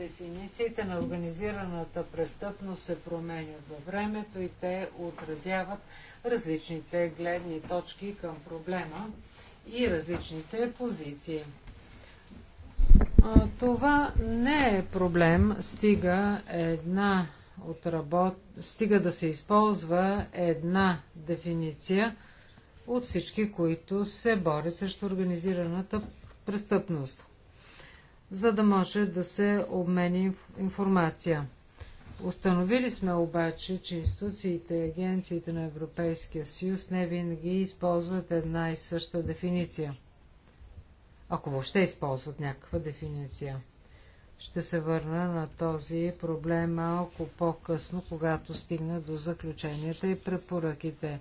Дефинициите на организираната престъпност се променят във времето и те отразяват различните гледни точки към проблема и различните позиции. Това не е проблем, стига една от работ... стига да се използва една дефиниция от всички, които се борят срещу организираната престъпност за да може да се обмени информация. Установили сме обаче, че институциите и агенциите на Европейския съюз не винаги използват една и съща дефиниция. Ако въобще използват някаква дефиниция. Ще се върна на този проблем малко по-късно, когато стигна до заключенията и препоръките.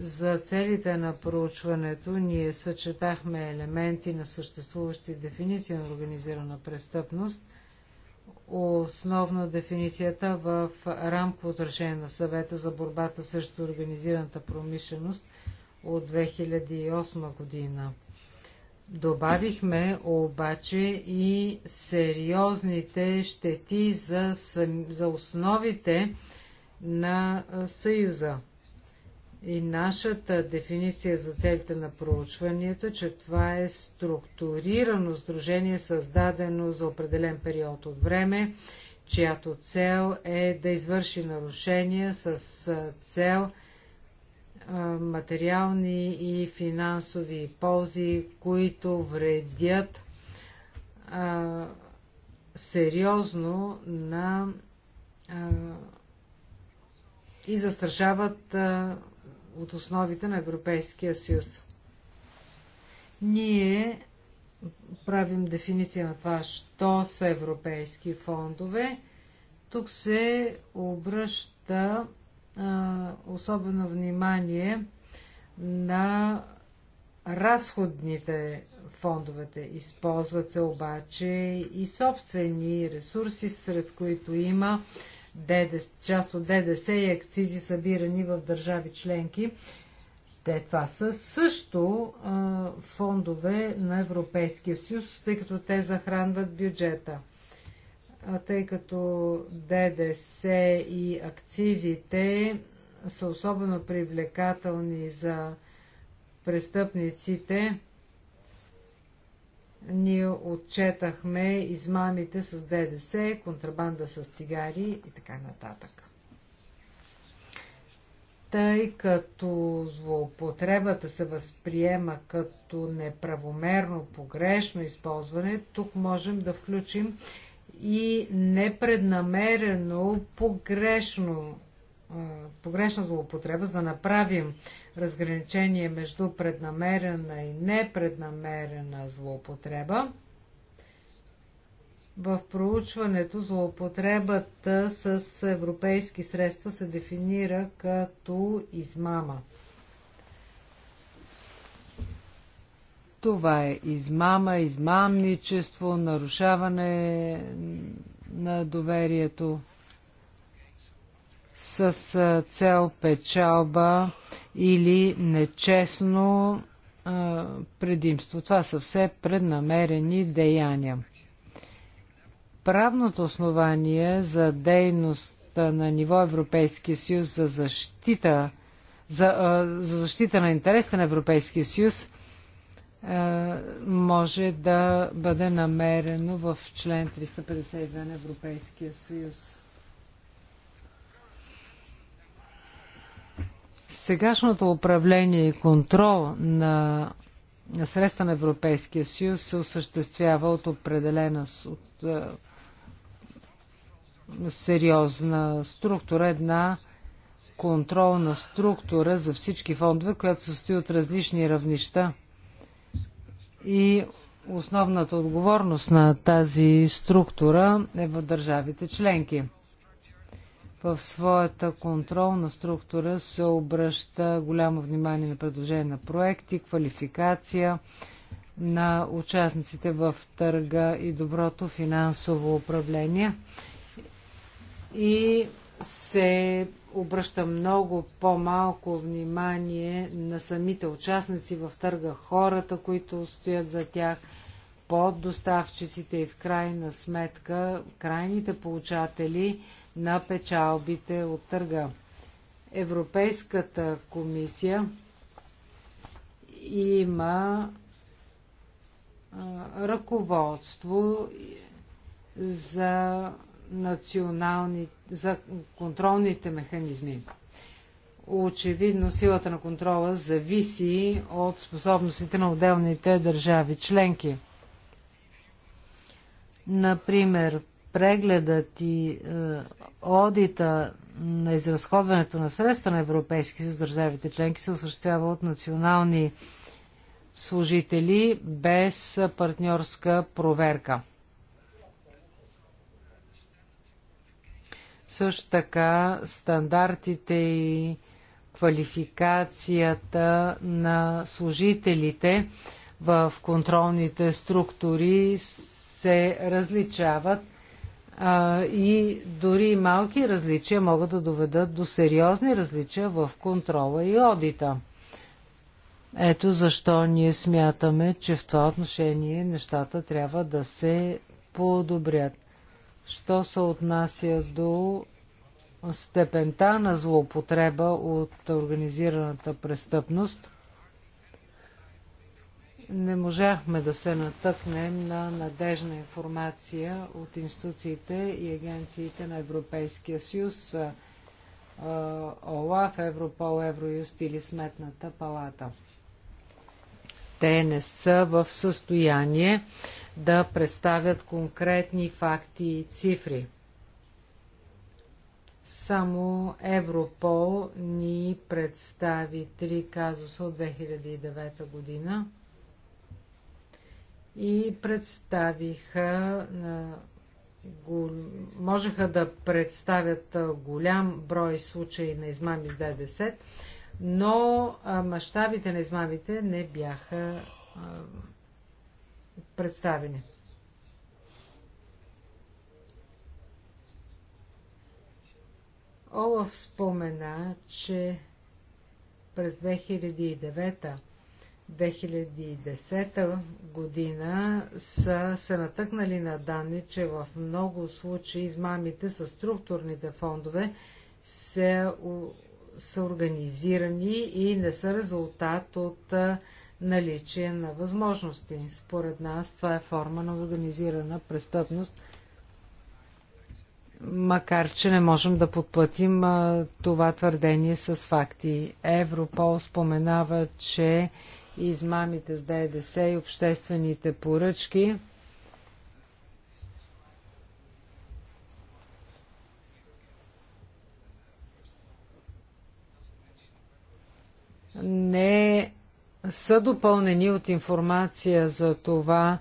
За целите на проучването ние съчетахме елементи на съществуващи дефиниции на организирана престъпност, основно дефиницията в рамковото решение на съвета за борбата срещу организираната промишленост от 2008 година. Добавихме обаче и сериозните щети за, за основите на Съюза и нашата дефиниция за целите на проучванията, че това е структурирано сдружение, създадено за определен период от време, чиято цел е да извърши нарушения с цел материални и финансови ползи, които вредят а, сериозно на а, и застрашават а, от основите на Европейския съюз. Ние правим дефиниция на това, що са европейски фондове. Тук се обръща а, особено внимание на разходните фондовете. Използват се обаче и собствени ресурси, сред които има ДДС, част от ДДС и акцизи събирани в държави членки. Те това са също а, фондове на Европейския съюз, тъй като те захранват бюджета. А, тъй като ДДС и акцизите са особено привлекателни за престъпниците, ние отчетахме измамите с ДДС, контрабанда с цигари и така нататък. Тъй като злоупотребата се възприема като неправомерно, погрешно използване, тук можем да включим и непреднамерено, погрешно погрешна злоупотреба, за да направим разграничение между преднамерена и непреднамерена злоупотреба. В проучването злоупотребата с европейски средства се дефинира като измама. Това е измама, измамничество, нарушаване на доверието с цел печалба или нечестно предимство. Това са все преднамерени деяния. Правното основание за дейност на ниво Европейски съюз за защита, за, а, за защита на интересите на Европейския съюз може да бъде намерено в член 352 на Европейския съюз. сегашното управление и контрол на средства на Европейския съюз се осъществява от определена от, е, сериозна структура, една контролна структура за всички фондове, която се състои от различни равнища. И основната отговорност на тази структура е в държавите членки – в своята контролна структура се обръща голямо внимание на предложение на проекти, квалификация на участниците в търга и доброто финансово управление. И се обръща много по-малко внимание на самите участници в търга, хората, които стоят за тях, под доставчиците и в крайна сметка крайните получатели – на печалбите от търга. Европейската комисия има ръководство за национални, за контролните механизми. Очевидно силата на контрола зависи от способностите на отделните държави членки. Например, прегледът и е, одита на изразходването на средства на Европейски съюз държавите членки се осъществява от национални служители без партньорска проверка. Също така стандартите и квалификацията на служителите в контролните структури се различават – а, и дори малки различия могат да доведат до сериозни различия в контрола и одита. Ето защо ние смятаме, че в това отношение нещата трябва да се подобрят. Що се отнася до степента на злоупотреба от организираната престъпност – не можахме да се натъкнем на надежна информация от институциите и агенциите на Европейския съюз, ОЛАФ, Европол, Евроюст или Сметната палата. Те не са в състояние да представят конкретни факти и цифри. Само Европол ни представи три казуса от 2009 година – и представиха, можеха да представят голям брой случаи на измами с ДДС, но мащабите на измамите не бяха представени. Олаф спомена, че през 2009 2010 година са се натъкнали на данни, че в много случаи измамите с структурните фондове се, са организирани и не са резултат от наличие на възможности. Според нас това е форма на организирана престъпност, макар че не можем да подплатим а, това твърдение с факти. Европол споменава, че измамите с ДДС и обществените поръчки. не са допълнени от информация за това,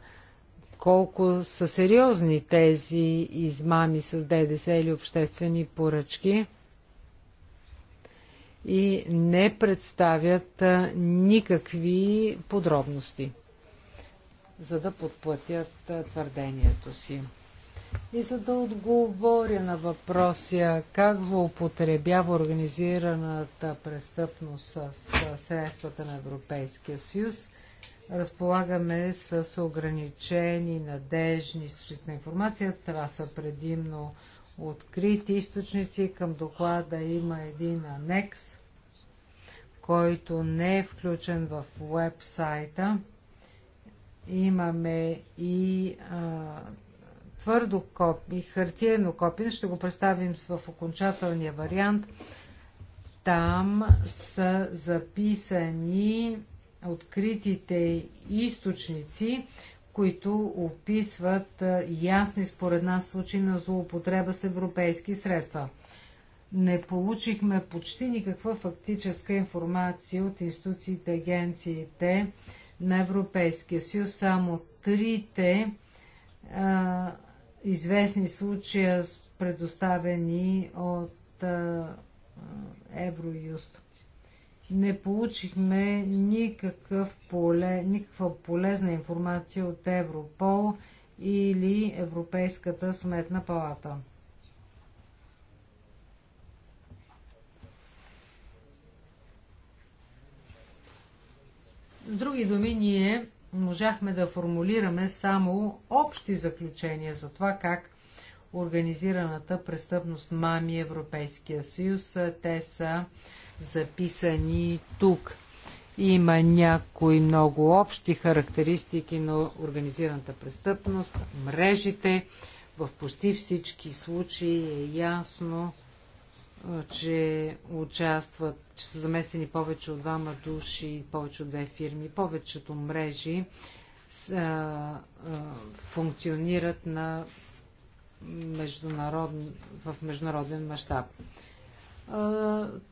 колко са сериозни тези измами с ДДС или обществени поръчки и не представят никакви подробности, за да подплатят твърдението си. И за да отговоря на въпроса как злоупотребява организираната престъпност с, с средствата на Европейския съюз, разполагаме с ограничени, надежни източници на информация. Това са предимно открити източници. Към доклада има един анекс, който не е включен в вебсайта. Имаме и а, твърдо копи, хартиено копие. Ще го представим в окончателния вариант. Там са записани откритите източници, които описват ясни според нас случаи на злоупотреба с европейски средства. Не получихме почти никаква фактическа информация от институциите, агенциите на Европейския съюз. Само трите а, известни случая предоставени от а, Евроюст не получихме никакъв поле, никаква полезна информация от Европол или Европейската сметна палата. С други думи, ние можахме да формулираме само общи заключения за това как организираната престъпност мами Европейския съюз. Те са записани тук. Има някои много общи характеристики на организираната престъпност, мрежите. В почти всички случаи е ясно, че участват, че са замесени повече от двама души, повече от две фирми. Повечето мрежи са, а, функционират на международ, в международен мащаб.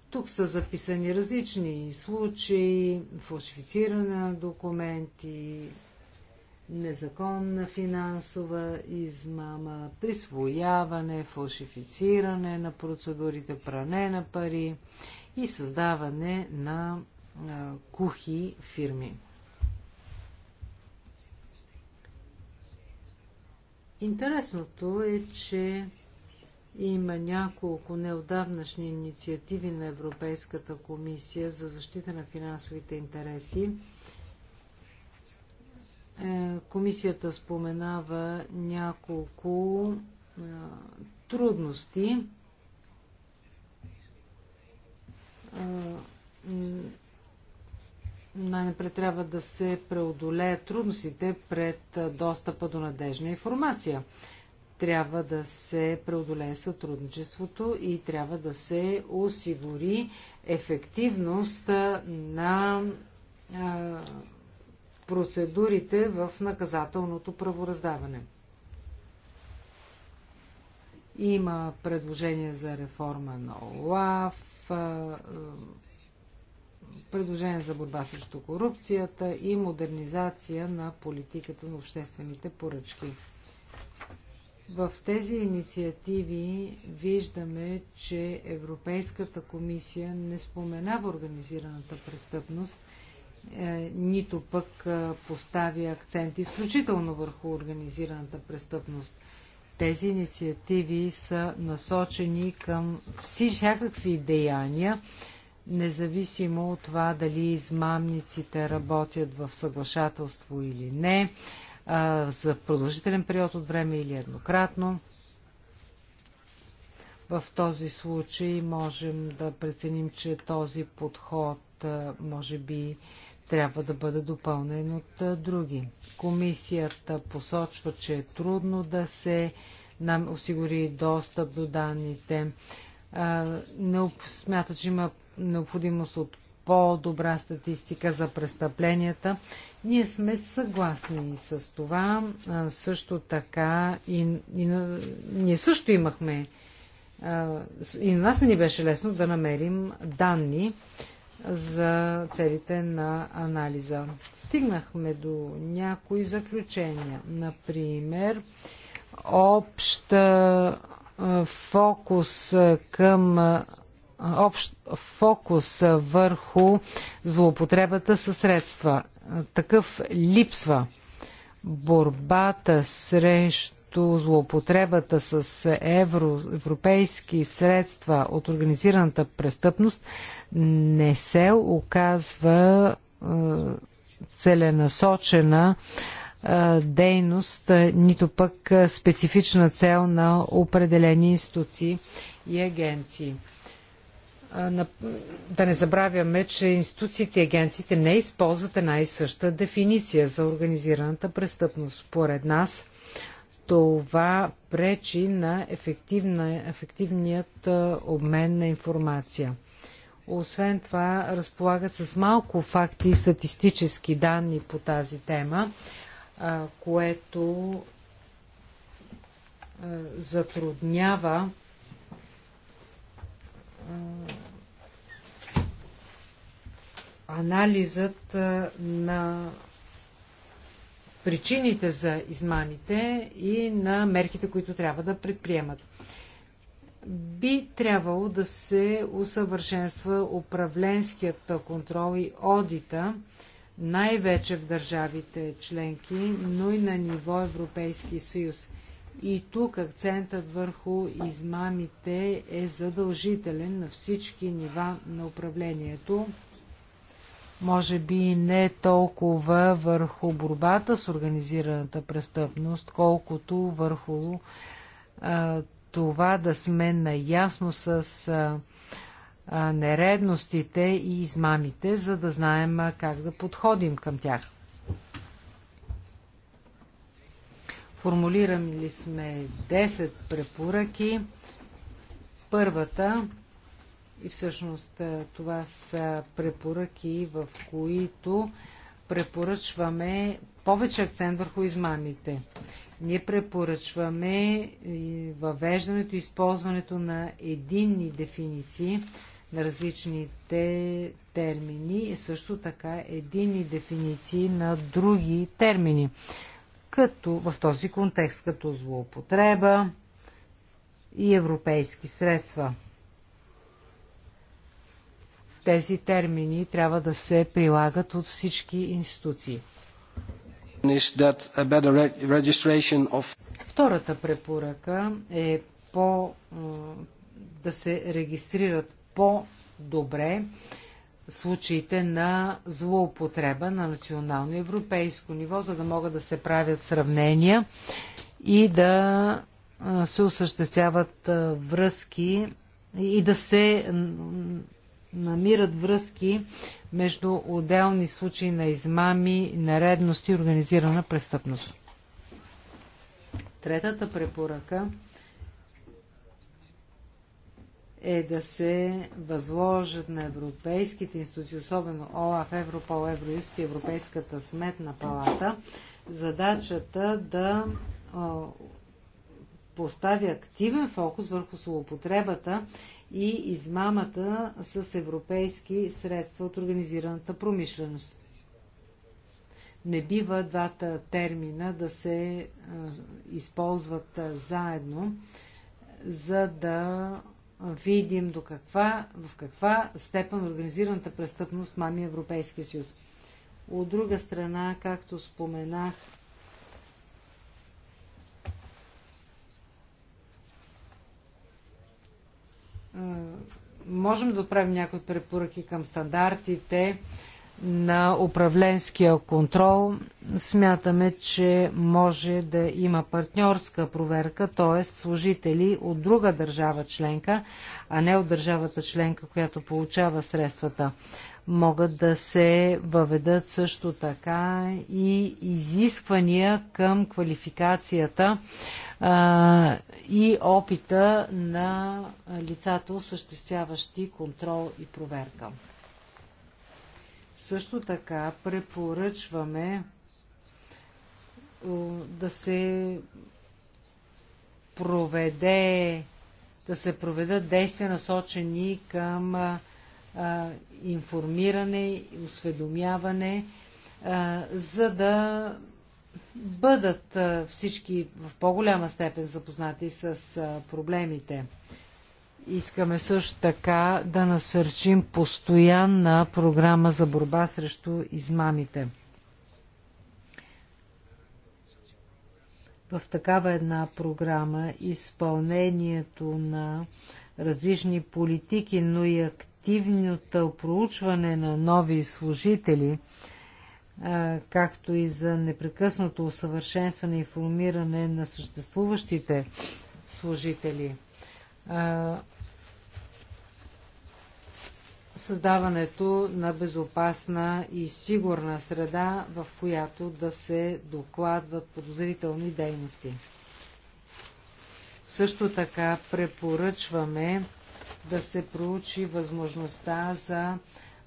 Тук са записани различни случаи, фалшифициране на документи, незаконна финансова измама, присвояване, фалшифициране на процедурите, пране на пари и създаване на а, кухи фирми. Интересното е, че има няколко неодавнашни инициативи на Европейската комисия за защита на финансовите интереси. Е, комисията споменава няколко е, трудности е, най-напред трябва да се преодолеят трудностите пред достъпа до надежна информация трябва да се преодолее сътрудничеството и трябва да се осигури ефективност на процедурите в наказателното правораздаване. Има предложение за реформа на ОЛАФ, предложение за борба срещу корупцията и модернизация на политиката на обществените поръчки. В тези инициативи виждаме, че Европейската комисия не споменава организираната престъпност, е, нито пък е, поставя акцент изключително върху организираната престъпност. Тези инициативи са насочени към всякакви деяния, независимо от това дали измамниците работят в съглашателство или не, а, за продължителен период от време или еднократно. В този случай можем да преценим, че този подход а, може би трябва да бъде допълнен от а, други. Комисията посочва, че е трудно да се нам осигури достъп до данните. А, не смята, че има необходимост от по-добра статистика за престъпленията. Ние сме съгласни с това. А, също така и, и на, ние също имахме а, и на нас не ни беше лесно да намерим данни за целите на анализа. Стигнахме до някои заключения. Например, обща фокус към общ фокус върху злоупотребата със средства. Такъв липсва. Борбата срещу злоупотребата с евро, европейски средства от организираната престъпност не се оказва е, целенасочена е, дейност, е, нито пък е, специфична цел на определени институции и агенции да не забравяме, че институциите и агенциите не използват една и съща дефиниция за организираната престъпност. Според нас това пречи на ефективният обмен на информация. Освен това, разполагат с малко факти и статистически данни по тази тема, което затруднява анализът на причините за измамите и на мерките, които трябва да предприемат. Би трябвало да се усъвършенства управленският контрол и одита, най-вече в държавите членки, но и на ниво Европейски съюз – и тук акцентът върху измамите е задължителен на всички нива на управлението. Може би не толкова върху борбата с организираната престъпност, колкото върху а, това да сме наясно с а, а, нередностите и измамите, за да знаем а, как да подходим към тях. Формулирали сме 10 препоръки. Първата и всъщност това са препоръки, в които препоръчваме повече акцент върху измамите. Ние препоръчваме въвеждането и използването на единни дефиниции на различните термини и също така единни дефиниции на други термини като, в този контекст като злоупотреба и европейски средства. Тези термини трябва да се прилагат от всички институции. Втората препоръка е по, да се регистрират по-добре случаите на злоупотреба на национално европейско ниво, за да могат да се правят сравнения и да се осъществяват връзки и да се намират връзки между отделни случаи на измами, наредности и организирана престъпност. Третата препоръка е да се възложат на европейските институции, особено ОЛАФ, Европол, Евроюст и Европейската сметна палата, задачата да поставя активен фокус върху злоупотребата и измамата с европейски средства от организираната промишленост. Не бива двата термина да се използват заедно, за да видим до каква, в каква степен организираната престъпност мами Европейския съюз. От друга страна, както споменах, можем да отправим някои препоръки към стандартите на управленския контрол, смятаме, че може да има партньорска проверка, т.е. служители от друга държава членка, а не от държавата членка, която получава средствата. Могат да се въведат също така и изисквания към квалификацията а, и опита на лицата, осъществяващи контрол и проверка. Също така препоръчваме да се проведе да се проведат действия насочени към а, информиране, осведомяване, а, за да бъдат а, всички в по-голяма степен запознати с а, проблемите. Искаме също така да насърчим постоянна програма за борба срещу измамите. В такава една програма изпълнението на различни политики, но и активното проучване на нови служители, както и за непрекъснато усъвършенстване и формиране на съществуващите служители създаването на безопасна и сигурна среда, в която да се докладват подозрителни дейности. Също така препоръчваме да се проучи възможността за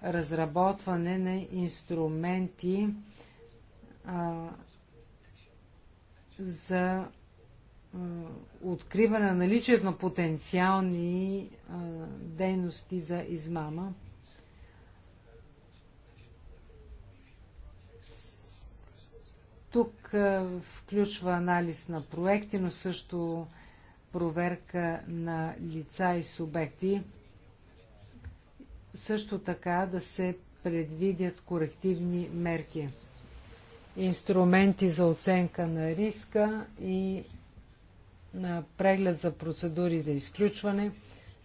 разработване на инструменти а, за откриване на наличието на потенциални а, дейности за измама. Тук включва анализ на проекти, но също проверка на лица и субекти. Също така да се предвидят корективни мерки, инструменти за оценка на риска и на преглед за процедури за изключване,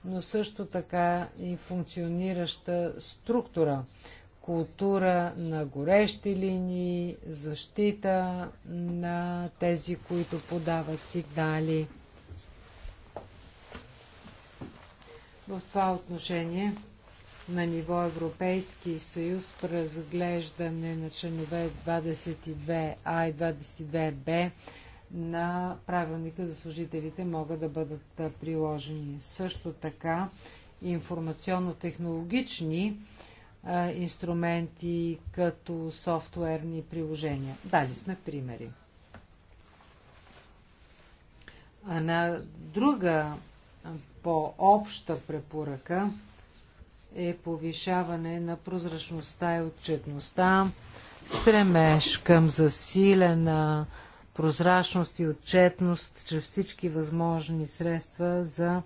но също така и функционираща структура, култура на горещи линии, защита на тези, които подават сигнали. В това отношение на ниво Европейски съюз разглеждане на членове 22А и 22Б на правилника за служителите могат да бъдат приложени. Също така информационно-технологични инструменти като софтуерни приложения. Дали сме примери. А на друга по-обща препоръка е повишаване на прозрачността и отчетността, стремеж към засилена прозрачност и отчетност чрез всички възможни средства за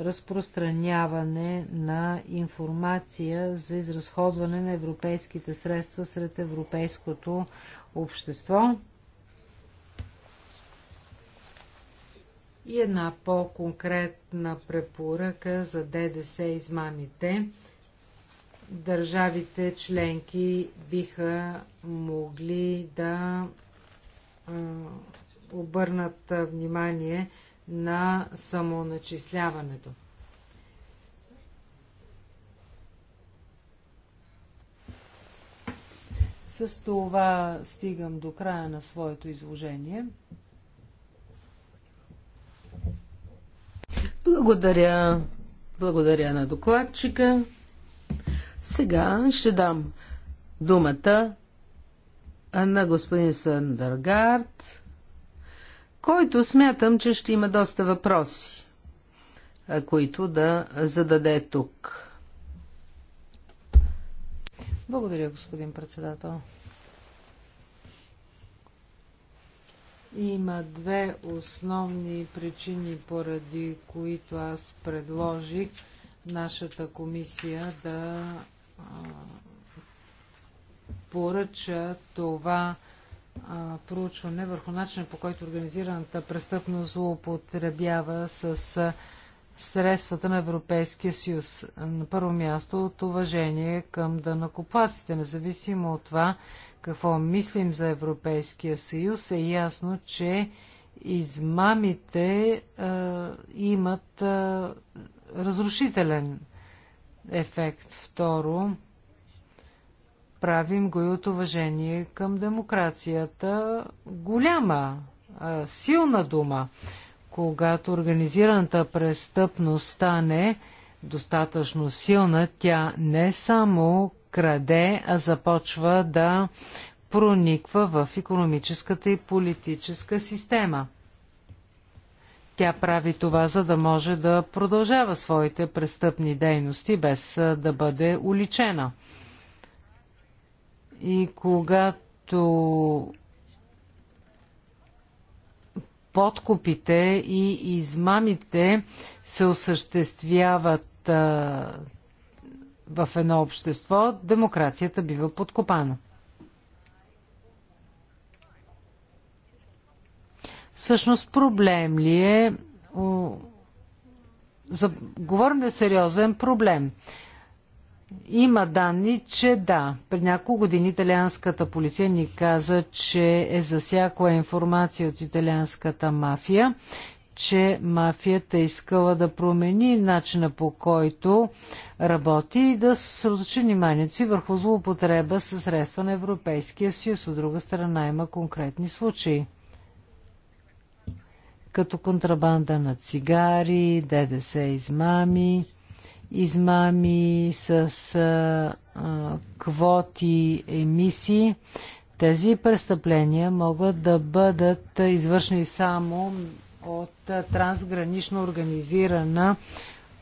разпространяване на информация за изразходване на европейските средства сред европейското общество. И една по-конкретна препоръка за ДДС измамите. Държавите членки биха могли да обърнат внимание на самоначисляването. С това стигам до края на своето изложение. Благодаря. Благодаря на докладчика. Сега ще дам думата на господин Сандъргард който смятам, че ще има доста въпроси, които да зададе тук. Благодаря, господин председател. Има две основни причини, поради които аз предложих нашата комисия да поръча това проучване върху начина по който организираната престъпност злоупотребява с средствата на Европейския съюз. На първо място от уважение към данакоплаците, независимо от това какво мислим за Европейския съюз, е ясно, че измамите а, имат а, разрушителен ефект. Второ, Правим го и от уважение към демокрацията. Голяма, силна дума. Когато организираната престъпност стане достатъчно силна, тя не само краде, а започва да прониква в економическата и политическа система. Тя прави това, за да може да продължава своите престъпни дейности без да бъде уличена. И когато подкупите и измамите се осъществяват в едно общество, демокрацията бива подкопана. Всъщност проблем ли е? за, говорим ли сериозен проблем? Има данни, че да. Пред няколко години италианската полиция ни каза, че е засякла информация от италианската мафия, че мафията е искала да промени начина по който работи и да съсредоточи вниманието си върху злоупотреба със средства на Европейския съюз. От друга страна има конкретни случаи като контрабанда на цигари, ДДС измами, измами с а, квоти, емисии. Тези престъпления могат да бъдат извършени само от трансгранично организирана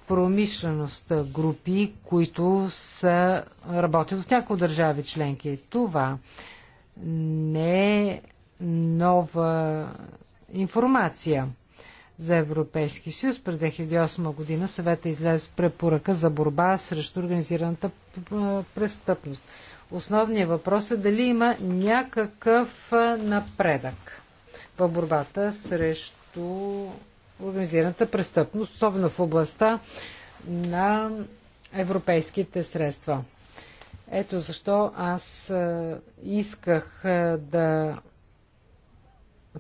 промишленост, групи, които са, работят в някои държави членки. Това не е нова информация за Европейски съюз. През 2008 година съвета излезе с препоръка за борба срещу организираната престъпност. Основният въпрос е дали има някакъв напредък в борбата срещу организираната престъпност, особено в областта на европейските средства. Ето защо аз исках да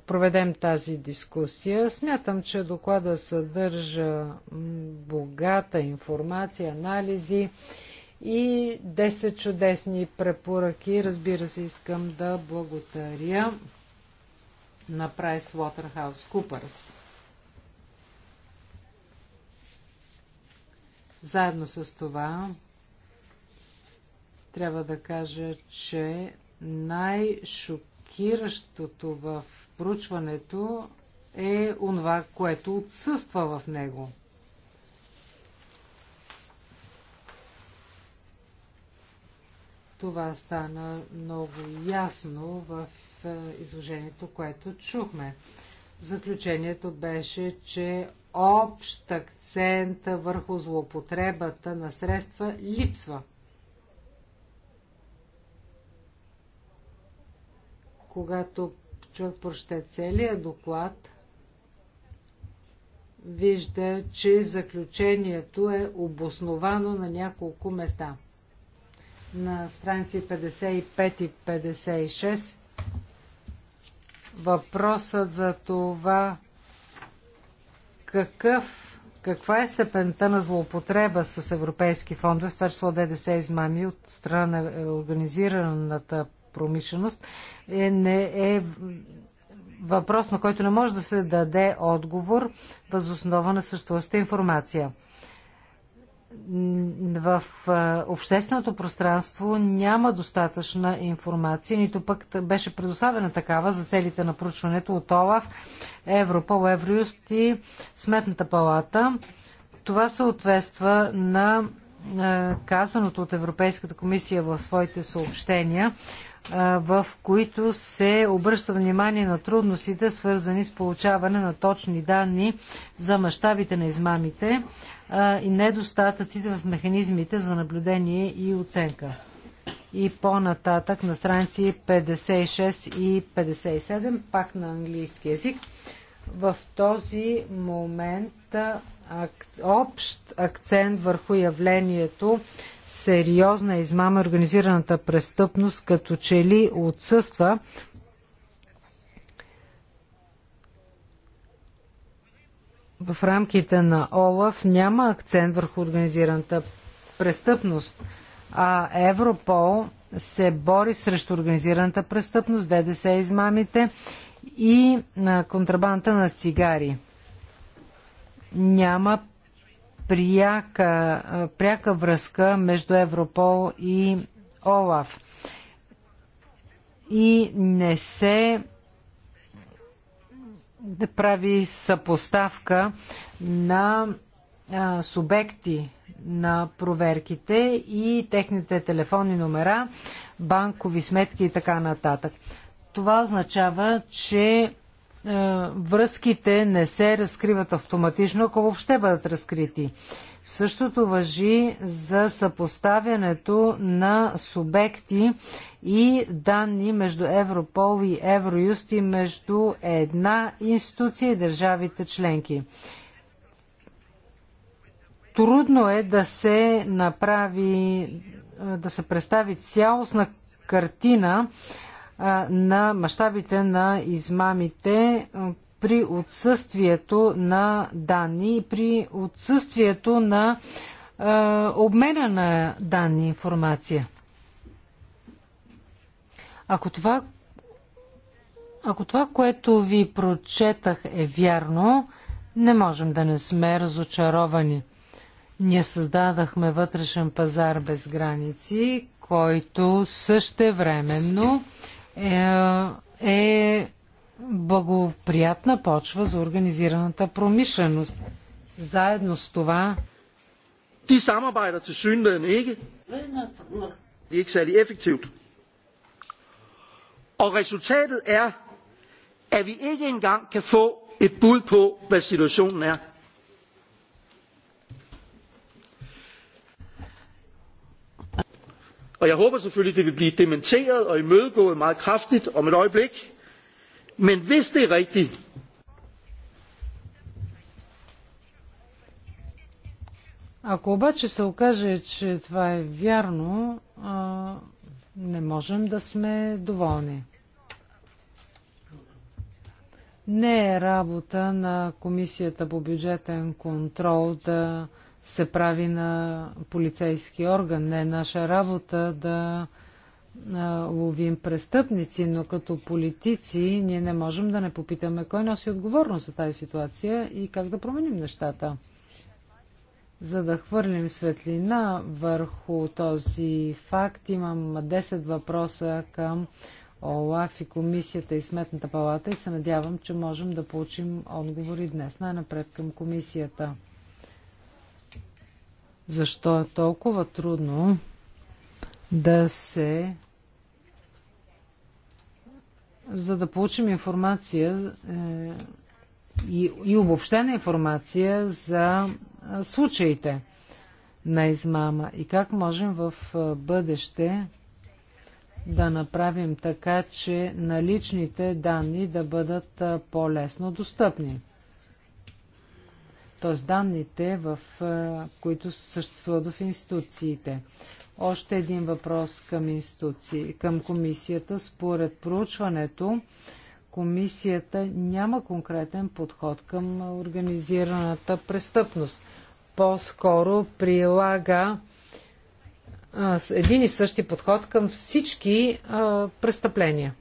проведем тази дискусия. Смятам, че доклада съдържа богата информация, анализи и 10 чудесни препоръки. Разбира се, искам да благодаря на PricewaterhouseCoopers. Заедно с това трябва да кажа, че най-шокиращото в проучването е онова, което отсъства в него. Това стана много ясно в е, изложението, което чухме. Заключението беше, че общ акцент върху злоупотребата на средства липсва. Когато човек прочете целия доклад, вижда, че заключението е обосновано на няколко места. На страници 55 и 56 въпросът за това какъв, каква е степента на злоупотреба с европейски фондове, в това число ДДС измами от страна на организираната промишленост е, не е въпрос, на който не може да се даде отговор възоснова на съществуваща информация. В общественото пространство няма достатъчна информация, нито пък беше предоставена такава за целите на проучването от Олав, Европол, Евроюст и Сметната палата. Това съответства на казаното от Европейската комисия в своите съобщения в които се обръща внимание на трудностите, свързани с получаване на точни данни за мащабите на измамите и недостатъците в механизмите за наблюдение и оценка. И по-нататък на страници 56 и 57, пак на английски язик. В този момент общ акцент върху явлението сериозна измама организираната престъпност, като че ли отсъства в рамките на ОЛАФ няма акцент върху организираната престъпност, а Европол се бори срещу организираната престъпност, ДДС измамите и на контрабанта на цигари. Няма пряка, пряка връзка между Европол и ОЛАФ. И не се да прави съпоставка на а, субекти на проверките и техните телефонни номера, банкови сметки и така нататък. Това означава, че е, връзките не се разкриват автоматично, ако въобще бъдат разкрити. Същото въжи за съпоставянето на субекти и данни между Европол и Евроюст и между една институция и държавите членки. Трудно е да се направи, е, да се представи цялостна картина на мащабите на измамите при отсъствието на данни и при отсъствието на обмена на данни и информация. Ако това, ако това, което ви прочетах е вярно, не можем да не сме разочаровани. Ние създадахме вътрешен пазар без граници, който същевременно временно е благоприятна почва за организираната промишленост. Заедно с това... De samarbejder til synligheden ikke. Det er ikke særlig effektivt. Og resultatet er, at vi ikke engang kan få et bud på, hvad situationen er. Og jeg håber selvfølgelig, at det vil blive dementeret og imødegået meget kraftigt om et øjeblik. Men hvis det er rigtigt, Ако обаче се окаже, че това е вярно, а, не можем да сме доволни. Не е работа на Комисията по бюджетен контрол да се прави на полицейски орган. Не е наша работа да ловим престъпници, но като политици ние не можем да не попитаме кой носи отговорност за тази ситуация и как да променим нещата. За да хвърлим светлина върху този факт, имам 10 въпроса към ОЛАФ и комисията и Сметната палата и се надявам, че можем да получим отговори днес. Най-напред към комисията защо е толкова трудно да се за да получим информация е, и, и обобщена информация за е, случаите на измама и как можем в е, бъдеще да направим така, че наличните данни да бъдат е, по-лесно достъпни т.е. данните, в които съществуват в институциите. Още един въпрос към, институции, към комисията. Според проучването, комисията няма конкретен подход към организираната престъпност. По-скоро прилага един и същи подход към всички а, престъпления.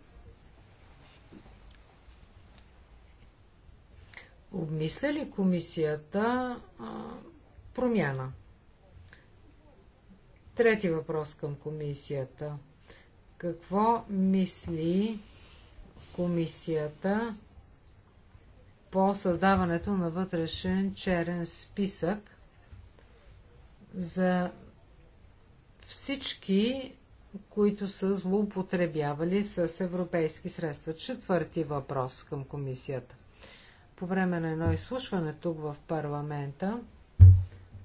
Обмисля ли комисията а, промяна? Трети въпрос към комисията. Какво мисли комисията по създаването на вътрешен черен списък за всички, които са злоупотребявали с европейски средства? Четвърти въпрос към комисията по време на едно изслушване тук в парламента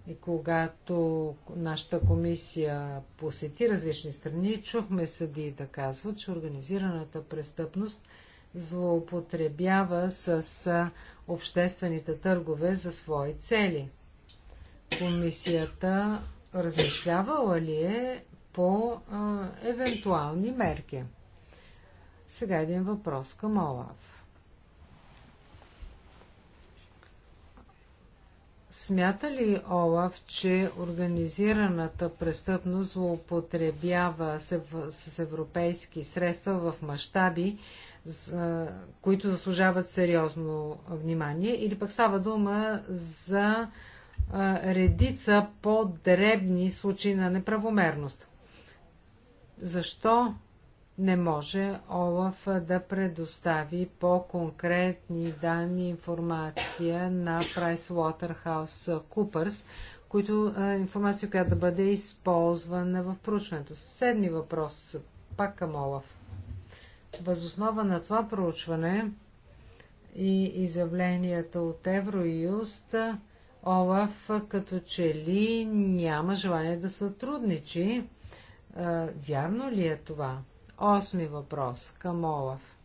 и когато нашата комисия посети различни страни, чухме съди да казват, че организираната престъпност злоупотребява с обществените търгове за свои цели. Комисията размишлявала ли е по а, евентуални мерки? Сега един въпрос към Олаф. Смята ли Олаф, че организираната престъпност злоупотребява с европейски средства в мащаби, които заслужават сериозно внимание, или пък става дума за редица по-дребни случаи на неправомерност? Защо не може ОЛАФ да предостави по-конкретни данни информация на PricewaterhouseCoopers, които, информация, която да бъде използвана в проучването. Седми въпрос, пак към ОЛАФ. Възоснова на това проучване и изявленията от Евроюст, Олаф като че ли няма желание да сътрудничи. Вярно ли е това? Осми въпрос към Олаф.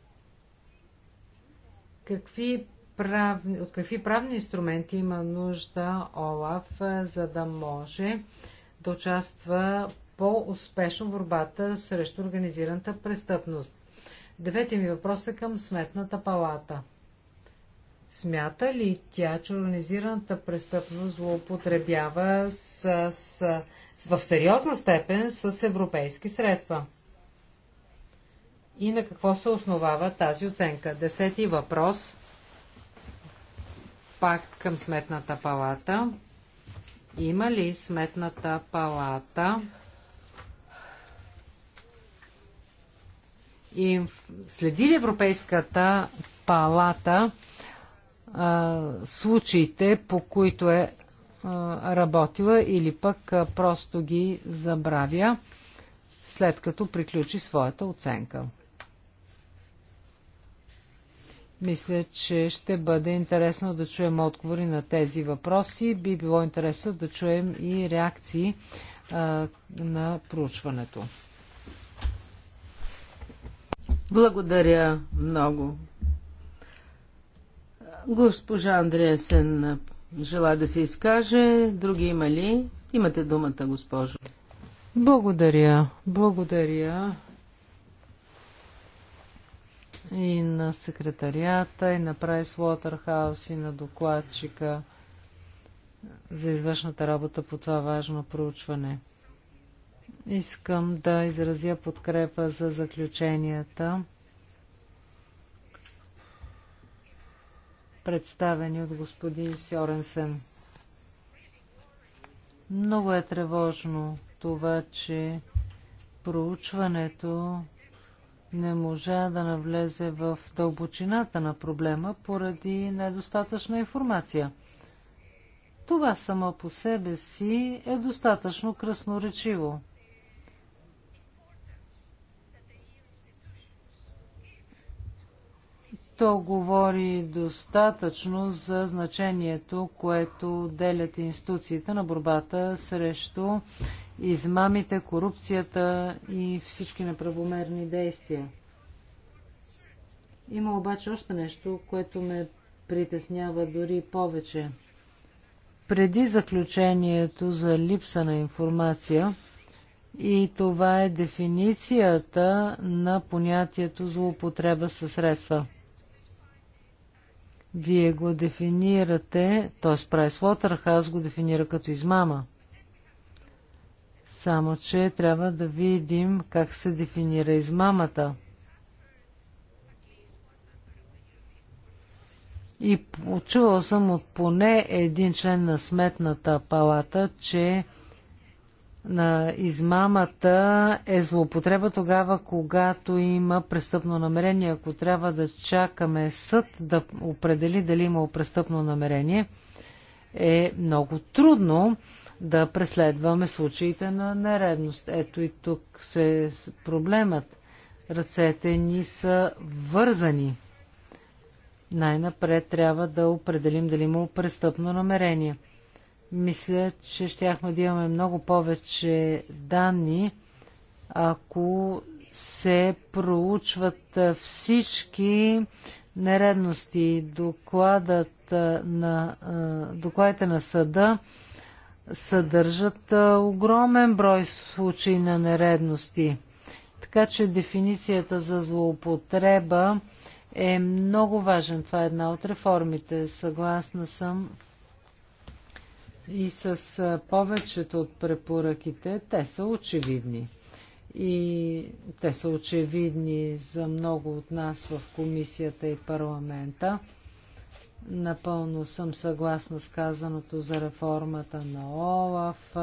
Какви правни, от какви правни инструменти има нужда Олаф, е, за да може да участва по-успешно в борбата срещу организираната престъпност? Девети ми въпрос е към Сметната палата. Смята ли тя, че организираната престъпност злоупотребява с, с, с, в сериозна степен с европейски средства? и на какво се основава тази оценка. Десети въпрос, пак към Сметната палата. Има ли Сметната палата и следи ли Европейската палата а, случаите, по които е а, работила или пък а, просто ги забравя, след като приключи своята оценка? Мисля, че ще бъде интересно да чуем отговори на тези въпроси. Би било интересно да чуем и реакции а, на проучването. Благодаря много. Госпожа Андреасен желая да се изкаже. Други има ли? Имате думата, госпожо. Благодаря. Благодаря и на секретарията, и на Прайс Уотерхаус, и на докладчика за извършната работа по това важно проучване. Искам да изразя подкрепа за заключенията, представени от господин Сьоренсен. Много е тревожно това, че проучването не можа да навлезе в дълбочината на проблема поради недостатъчна информация. Това само по себе си е достатъчно красноречиво. То говори достатъчно за значението, което делят институциите на борбата срещу измамите, корупцията и всички неправомерни действия. Има обаче още нещо, което ме притеснява дори повече. Преди заключението за липса на информация, и това е дефиницията на понятието злоупотреба със средства. Вие го дефинирате, т.е. Прайс аз го дефинира като измама. Само, че трябва да видим как се дефинира измамата. И чувал съм от поне един член на сметната палата, че на измамата е злоупотреба тогава, когато има престъпно намерение. Ако трябва да чакаме съд да определи дали има престъпно намерение, е много трудно да преследваме случаите на нередност. Ето и тук се проблемът. Ръцете ни са вързани. Най-напред трябва да определим дали има престъпно намерение. Мисля, че щяхме да имаме много повече данни, ако се проучват всички нередности. Докладът на, докладите на съда съдържат огромен брой случаи на нередности. Така че дефиницията за злоупотреба е много важен. Това е една от реформите. Съгласна съм и с повечето от препоръките. Те са очевидни. И те са очевидни за много от нас в комисията и парламента. Напълно съм съгласна с казаното за реформата на ОЛАФ.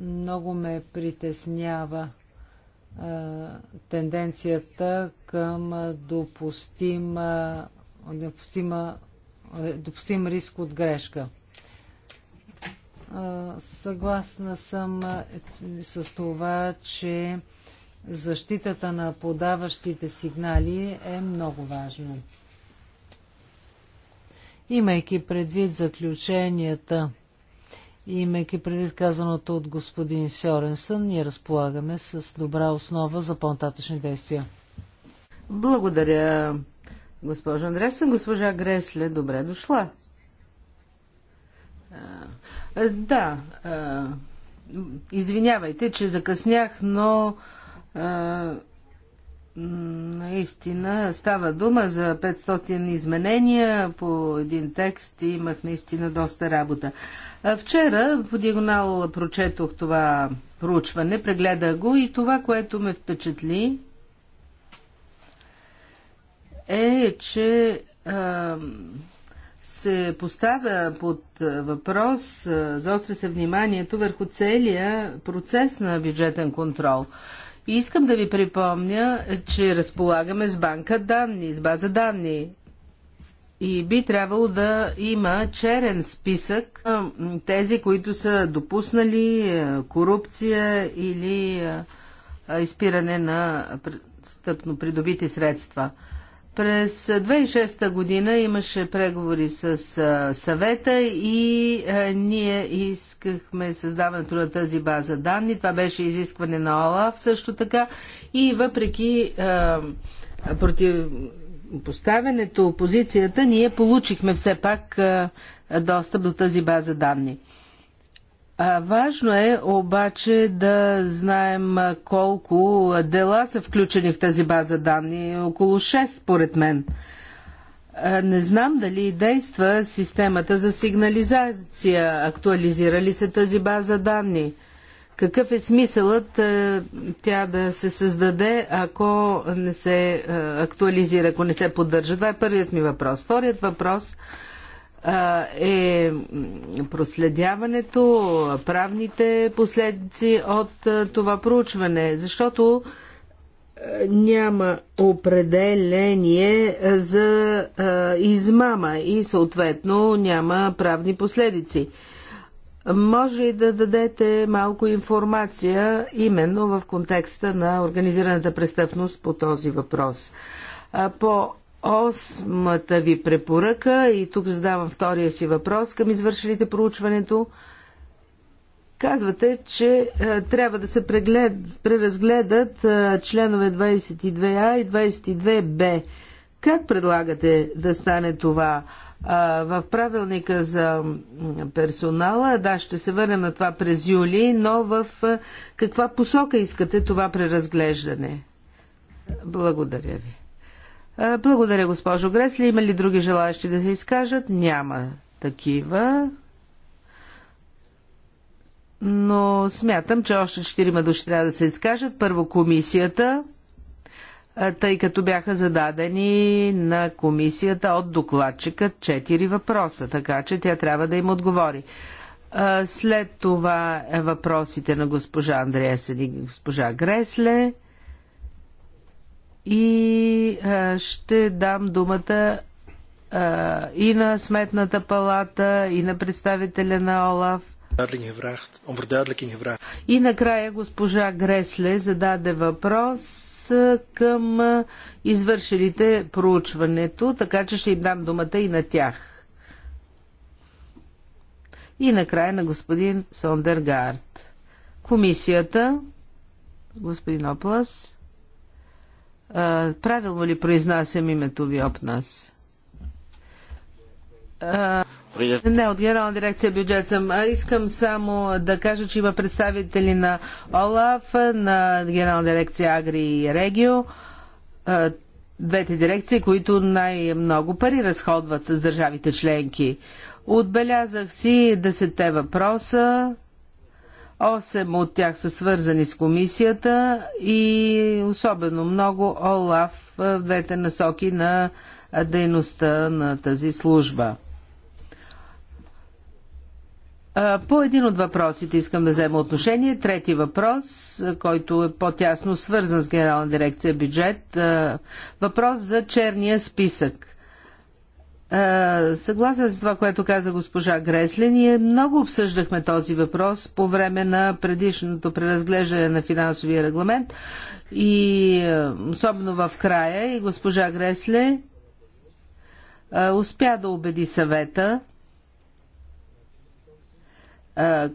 Много ме притеснява а, тенденцията към допустима, допустима, допустим риск от грешка. А, съгласна съм с това, че защитата на подаващите сигнали е много важна имайки предвид заключенията, имайки предвид казаното от господин Сьоренсън, ние разполагаме с добра основа за по-нататъчни действия. Благодаря, госпожо Андреса. Госпожа Гресле, добре дошла. А, да, а, извинявайте, че закъснях, но а, Наистина става дума за 500 изменения по един текст и имах наистина доста работа. Вчера по диагонал прочетох това проучване, прегледах го и това, което ме впечатли е, че а, се поставя под въпрос, заостря се вниманието върху целия процес на бюджетен контрол. И искам да ви припомня, че разполагаме с банка данни, с база данни. И би трябвало да има черен списък тези, които са допуснали корупция или изпиране на стъпно придобити средства. През 2006 година имаше преговори с съвета и ние искахме създаването на тази база данни. Това беше изискване на ОЛАФ също така. И въпреки против поставянето, опозицията, ние получихме все пак достъп до тази база данни. Важно е обаче да знаем колко дела са включени в тази база данни. Около 6, според мен. Не знам дали действа системата за сигнализация. Актуализира ли се тази база данни? Какъв е смисълът тя да се създаде, ако не се актуализира, ако не се поддържа? Това е първият ми въпрос. Вторият въпрос е е проследяването, правните последици от това проучване, защото няма определение за измама и съответно няма правни последици. Може и да дадете малко информация именно в контекста на организираната престъпност по този въпрос. По Осмата ви препоръка, и тук задавам втория си въпрос към извършилите проучването, казвате, че е, трябва да се преглед, преразгледат е, членове 22А и 22Б. Как предлагате да стане това? е, в правилника за персонала, да, ще се върнем на това през юли, но в е, каква посока искате това преразглеждане? Благодаря ви. Е, благодаря, госпожо Гресли. Има ли други желаящи да се изкажат? Няма такива. Но смятам, че още четирима души трябва да се изкажат. Първо комисията, е, тъй като бяха зададени на комисията от докладчика четири въпроса, така че тя трябва да им отговори. Е, след това въпросите на госпожа Андреасен и госпожа Гресле и а, ще дам думата а, и на Сметната палата, и на представителя на ОЛАФ. И накрая госпожа Гресле зададе въпрос към извършилите проучването, така че ще им дам думата и на тях. И накрая на господин Сондергард. Комисията, господин Оплас. А, правилно ли произнасям името ви от нас? А, не, от Генерална дирекция бюджет съм. А, искам само да кажа, че има представители на ОЛАФ, на Генерална дирекция Агри и Регио. А, двете дирекции, които най-много пари разходват с държавите членки. Отбелязах си 10-те въпроса, Осем от тях са свързани с комисията и особено много ОЛАФ в двете насоки на дейността на тази служба. По един от въпросите искам да взема отношение. Трети въпрос, който е по-тясно свързан с Генерална дирекция бюджет. Въпрос за черния списък. Съгласен с това, което каза госпожа Гресле, ние много обсъждахме този въпрос по време на предишното преразглеждане на финансовия регламент и особено в края и госпожа Гресле успя да убеди съвета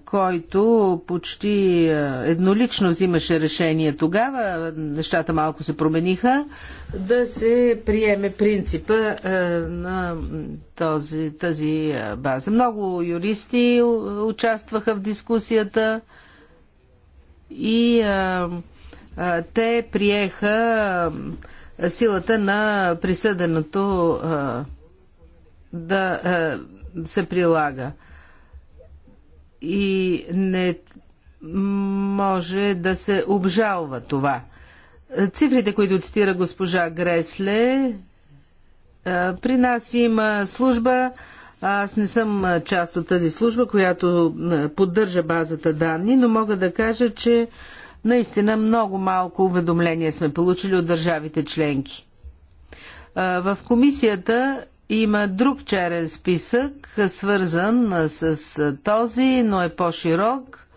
който почти еднолично взимаше решение тогава, нещата малко се промениха, да се приеме принципа на този, тази база. Много юристи участваха в дискусията и те приеха силата на присъденото да се прилага и не може да се обжалва това. Цифрите, които цитира госпожа Гресле, при нас има служба, аз не съм част от тази служба, която поддържа базата данни, но мога да кажа, че наистина много малко уведомления сме получили от държавите членки. В комисията има друг черен списък, свързан с този, но е по-широк,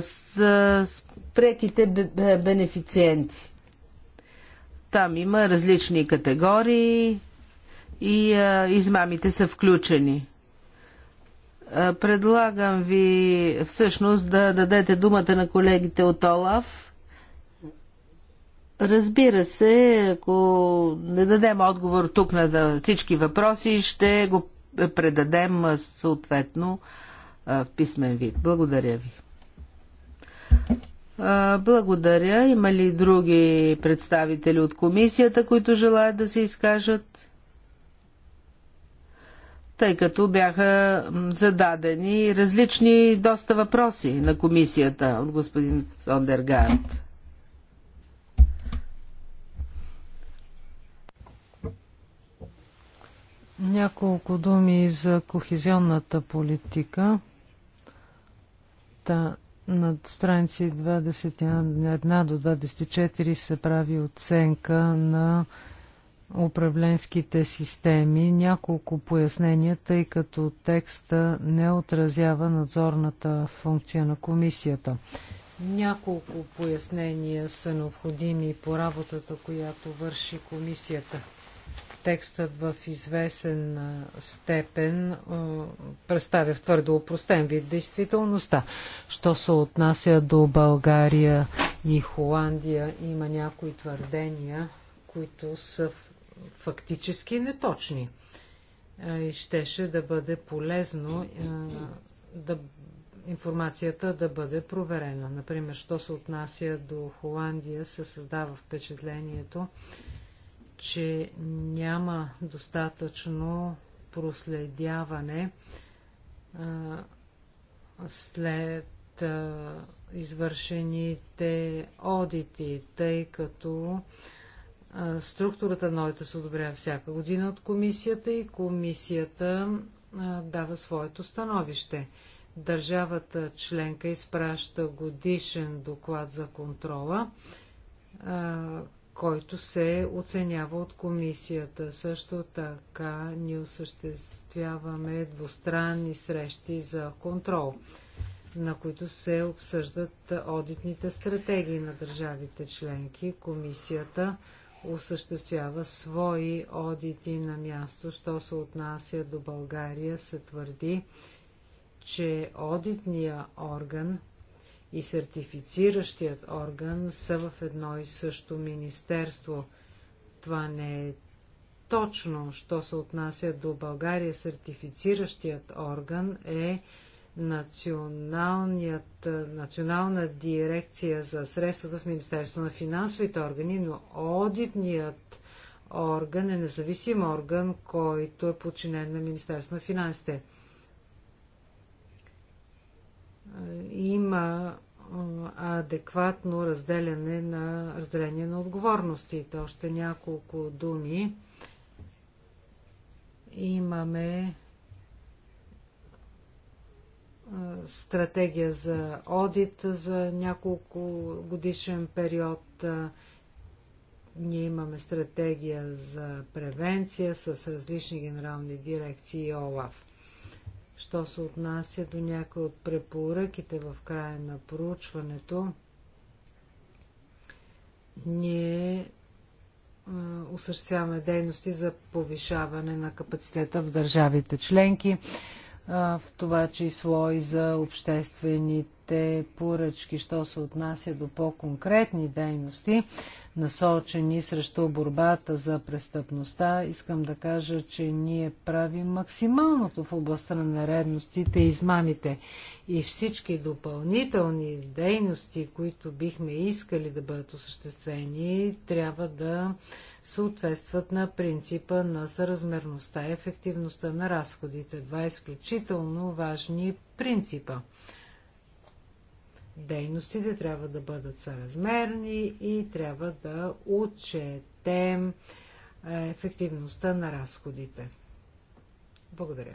с преките бенефициенти. Там има различни категории и измамите са включени. Предлагам ви всъщност да дадете думата на колегите от ОЛАФ Разбира се, ако не дадем отговор тук на всички въпроси, ще го предадем съответно в писмен вид. Благодаря ви. Благодаря. Има ли други представители от комисията, които желаят да се изкажат? Тъй като бяха зададени различни доста въпроси на комисията от господин Сондергард. Няколко думи за кохезионната политика. Та над страници 21 до 24 се прави оценка на управленските системи. Няколко пояснения, тъй като текста не отразява надзорната функция на комисията. Няколко пояснения са необходими по работата, която върши комисията текстът в известен степен представя в твърдо упростен вид действителността. Що се отнася до България и Холандия, има някои твърдения, които са фактически неточни. И щеше да бъде полезно да информацията да бъде проверена. Например, що се отнася до Холандия, се създава впечатлението, че няма достатъчно проследяване а, след а, извършените одити, тъй като а, структурата на одита се одобрява всяка година от комисията и комисията дава своето становище. Държавата членка изпраща годишен доклад за контрола, който се оценява от комисията. Също така ние осъществяваме двустранни срещи за контрол, на които се обсъждат одитните стратегии на държавите членки. Комисията осъществява свои одити на място. Що се отнася до България, се твърди, че одитния орган и сертифициращият орган са в едно и също министерство. Това не е точно, що се отнася до България. Сертифициращият орган е, е национална дирекция за средствата в Министерство на финансовите органи, но одитният орган е независим орган, който е подчинен на Министерство на финансите има адекватно разделяне на, разделение на отговорностите. Още няколко думи. Имаме стратегия за одит за няколко годишен период. Ние имаме стратегия за превенция с различни генерални дирекции и ОЛАФ. Що се отнася до някои от препоръките в края на проучването, ние осъществяваме дейности за повишаване на капацитета в държавите членки, в това число и за обществените поръчки. Що се отнася до по-конкретни дейности, насочени срещу борбата за престъпността, искам да кажа, че ние правим максималното в областта на наредностите и измамите. И всички допълнителни дейности, които бихме искали да бъдат осъществени, трябва да съответстват на принципа на съразмерността и ефективността на разходите. Два е изключително важни принципа дейностите трябва да бъдат съразмерни и трябва да отчетем е, ефективността на разходите. Благодаря.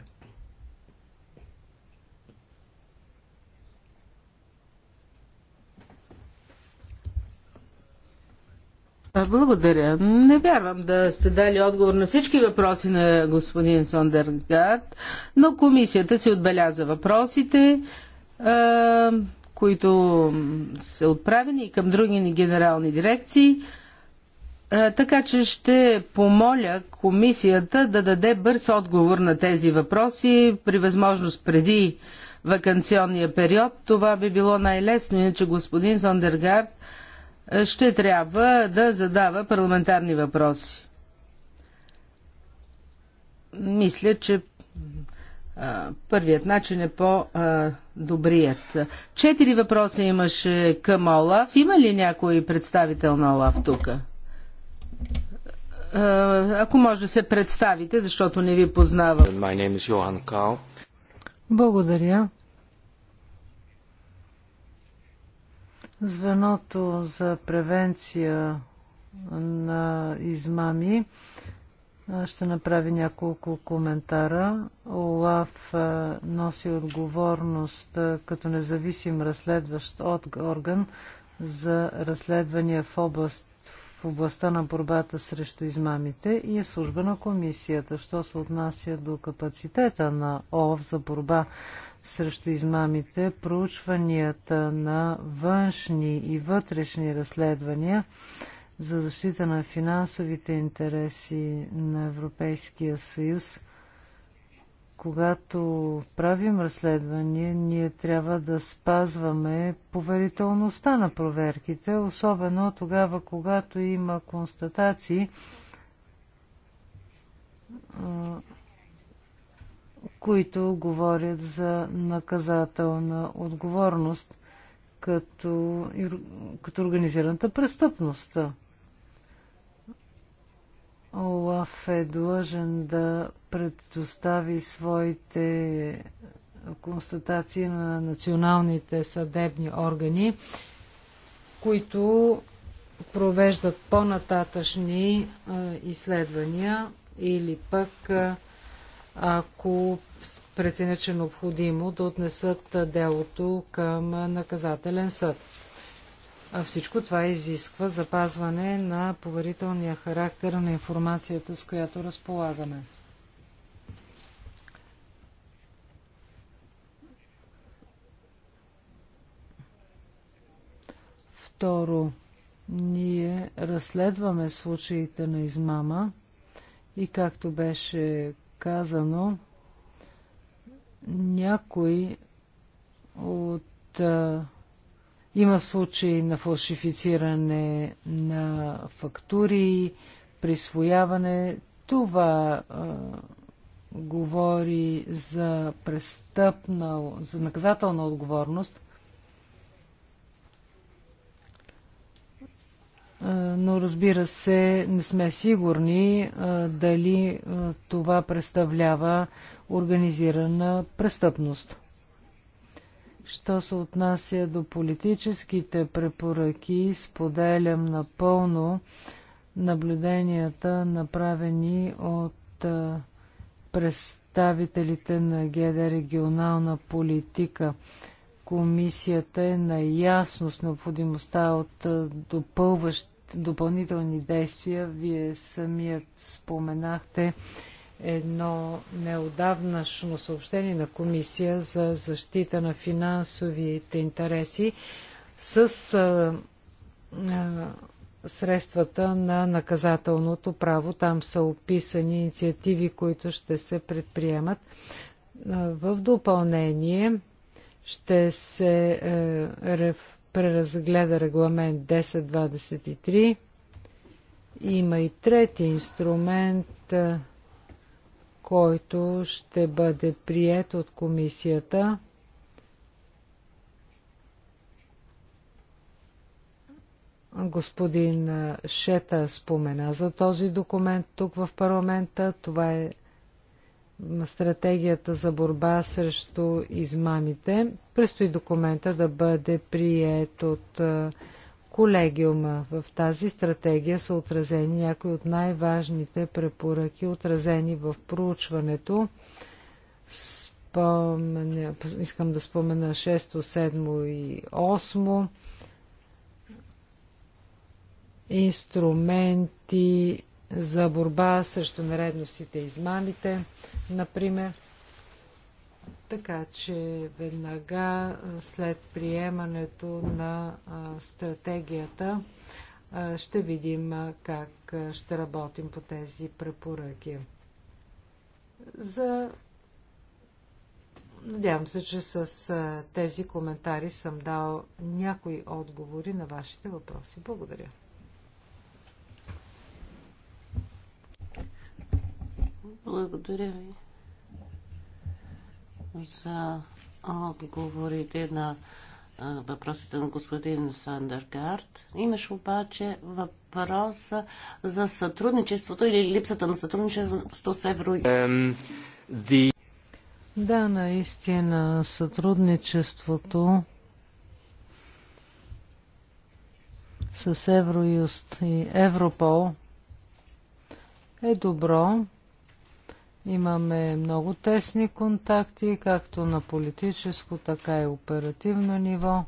Благодаря. Не вярвам да сте дали отговор на всички въпроси на господин Сондергард, но комисията си отбеляза въпросите които са отправени към други ни генерални дирекции. Е, така че ще помоля комисията да даде бърз отговор на тези въпроси, при възможност преди вакансионния период. Това би било най-лесно, иначе господин Сондергард е, ще трябва да задава парламентарни въпроси. Мисля, че Първият начин е по-добрият. Четири въпроса имаше към Олаф. Има ли някой представител на Олаф тук? Ако може да се представите, защото не ви познавам. Благодаря. Звеното за превенция на измами ще направи няколко коментара. ОЛАФ носи отговорност като независим разследващ от орган за разследвания в, област, в областта на борбата срещу измамите и е служба на комисията. Що се отнася до капацитета на ОЛАФ за борба срещу измамите, проучванията на външни и вътрешни разследвания – за защита на финансовите интереси на Европейския съюз, когато правим разследвания, ние трябва да спазваме поверителността на проверките, особено тогава, когато има констатации, които говорят за наказателна отговорност като, като организираната престъпност. Олаф е длъжен да предостави своите констатации на националните съдебни органи, които провеждат по-нататъчни е, изследвания или пък е, ако преценят, че е необходимо да отнесат делото към наказателен съд. А всичко това изисква запазване на поверителния характер на информацията, с която разполагаме. Второ, ние разследваме случаите на измама и както беше казано, някои от има случаи на фалшифициране на фактури, присвояване. Това а, говори за престъпна, за наказателна отговорност. но разбира се, не сме сигурни дали това представлява организирана престъпност. Що се отнася до политическите препоръки, споделям напълно наблюденията, направени от представителите на ГД регионална политика. Комисията е наясно с необходимостта от допълващ, допълнителни действия. Вие самият споменахте едно неодавнашно съобщение на Комисия за защита на финансовите интереси с а, а, средствата на наказателното право. Там са описани инициативи, които ще се предприемат. В допълнение ще се е, преразгледа регламент 1023. Има и трети инструмент. Е, който ще бъде прият от комисията. Господин Шета спомена за този документ тук в парламента. Това е стратегията за борба срещу измамите. Престои документа да бъде прият от колегиума. В тази стратегия са отразени някои от най-важните препоръки, отразени в проучването. Спомня, искам да спомена 6, 7 и 8 инструменти за борба срещу наредностите и измамите, например. Така че веднага след приемането на стратегията ще видим как ще работим по тези препоръки. За... Надявам се, че с тези коментари съм дал някои отговори на вашите въпроси. Благодаря. Благодаря ви за отговорите на въпросите на господин Сандергард. Имаш обаче въпрос за сътрудничеството или липсата на сътрудничество с Евро. Да, наистина сътрудничеството с Евроюст и Европол е добро. Имаме много тесни контакти, както на политическо, така и оперативно ниво.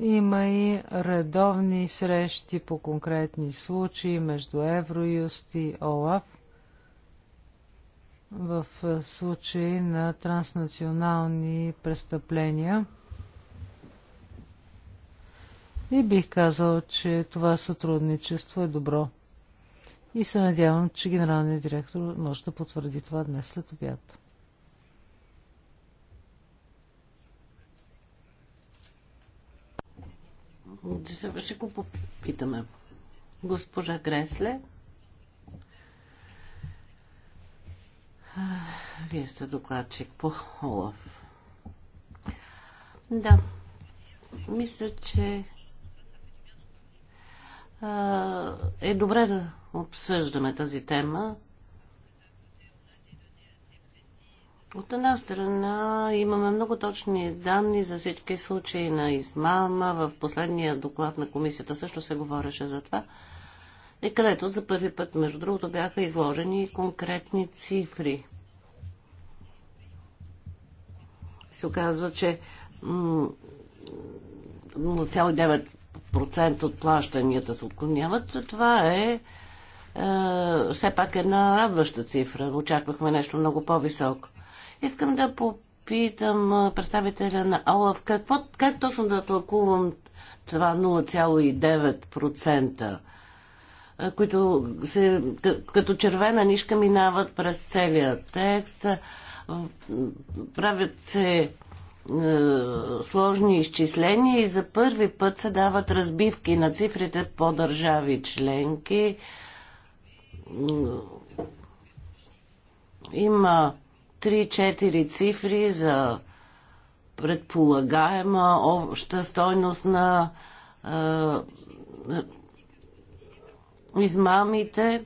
Има и редовни срещи по конкретни случаи между Евроюст и ОЛАФ в случаи на транснационални престъпления. И бих казал, че това сътрудничество е добро и се надявам, че генералният директор може да потвърди това днес след обяд. Ще го попитаме. Госпожа Гресле. Вие сте докладчик по Олаф. Да. Мисля, че е добре да обсъждаме тази тема. От една страна имаме много точни данни за всички случаи на измама. В последния доклад на комисията също се говореше за това. И където за първи път, между другото, бяха изложени конкретни цифри. Се оказва, че 0,9% от плащанията се отклоняват. Това е е, все пак една радваща цифра. Очаквахме нещо много по-високо. Искам да попитам е, представителя на ОЛАВ какво, как точно да тълкувам това 0,9%, е, които се, като червена нишка минават през целия текст. Правят се сложни изчисления и за първи път се дават разбивки на цифрите по държави членки. Има 3-4 цифри за предполагаема обща стойност на измамите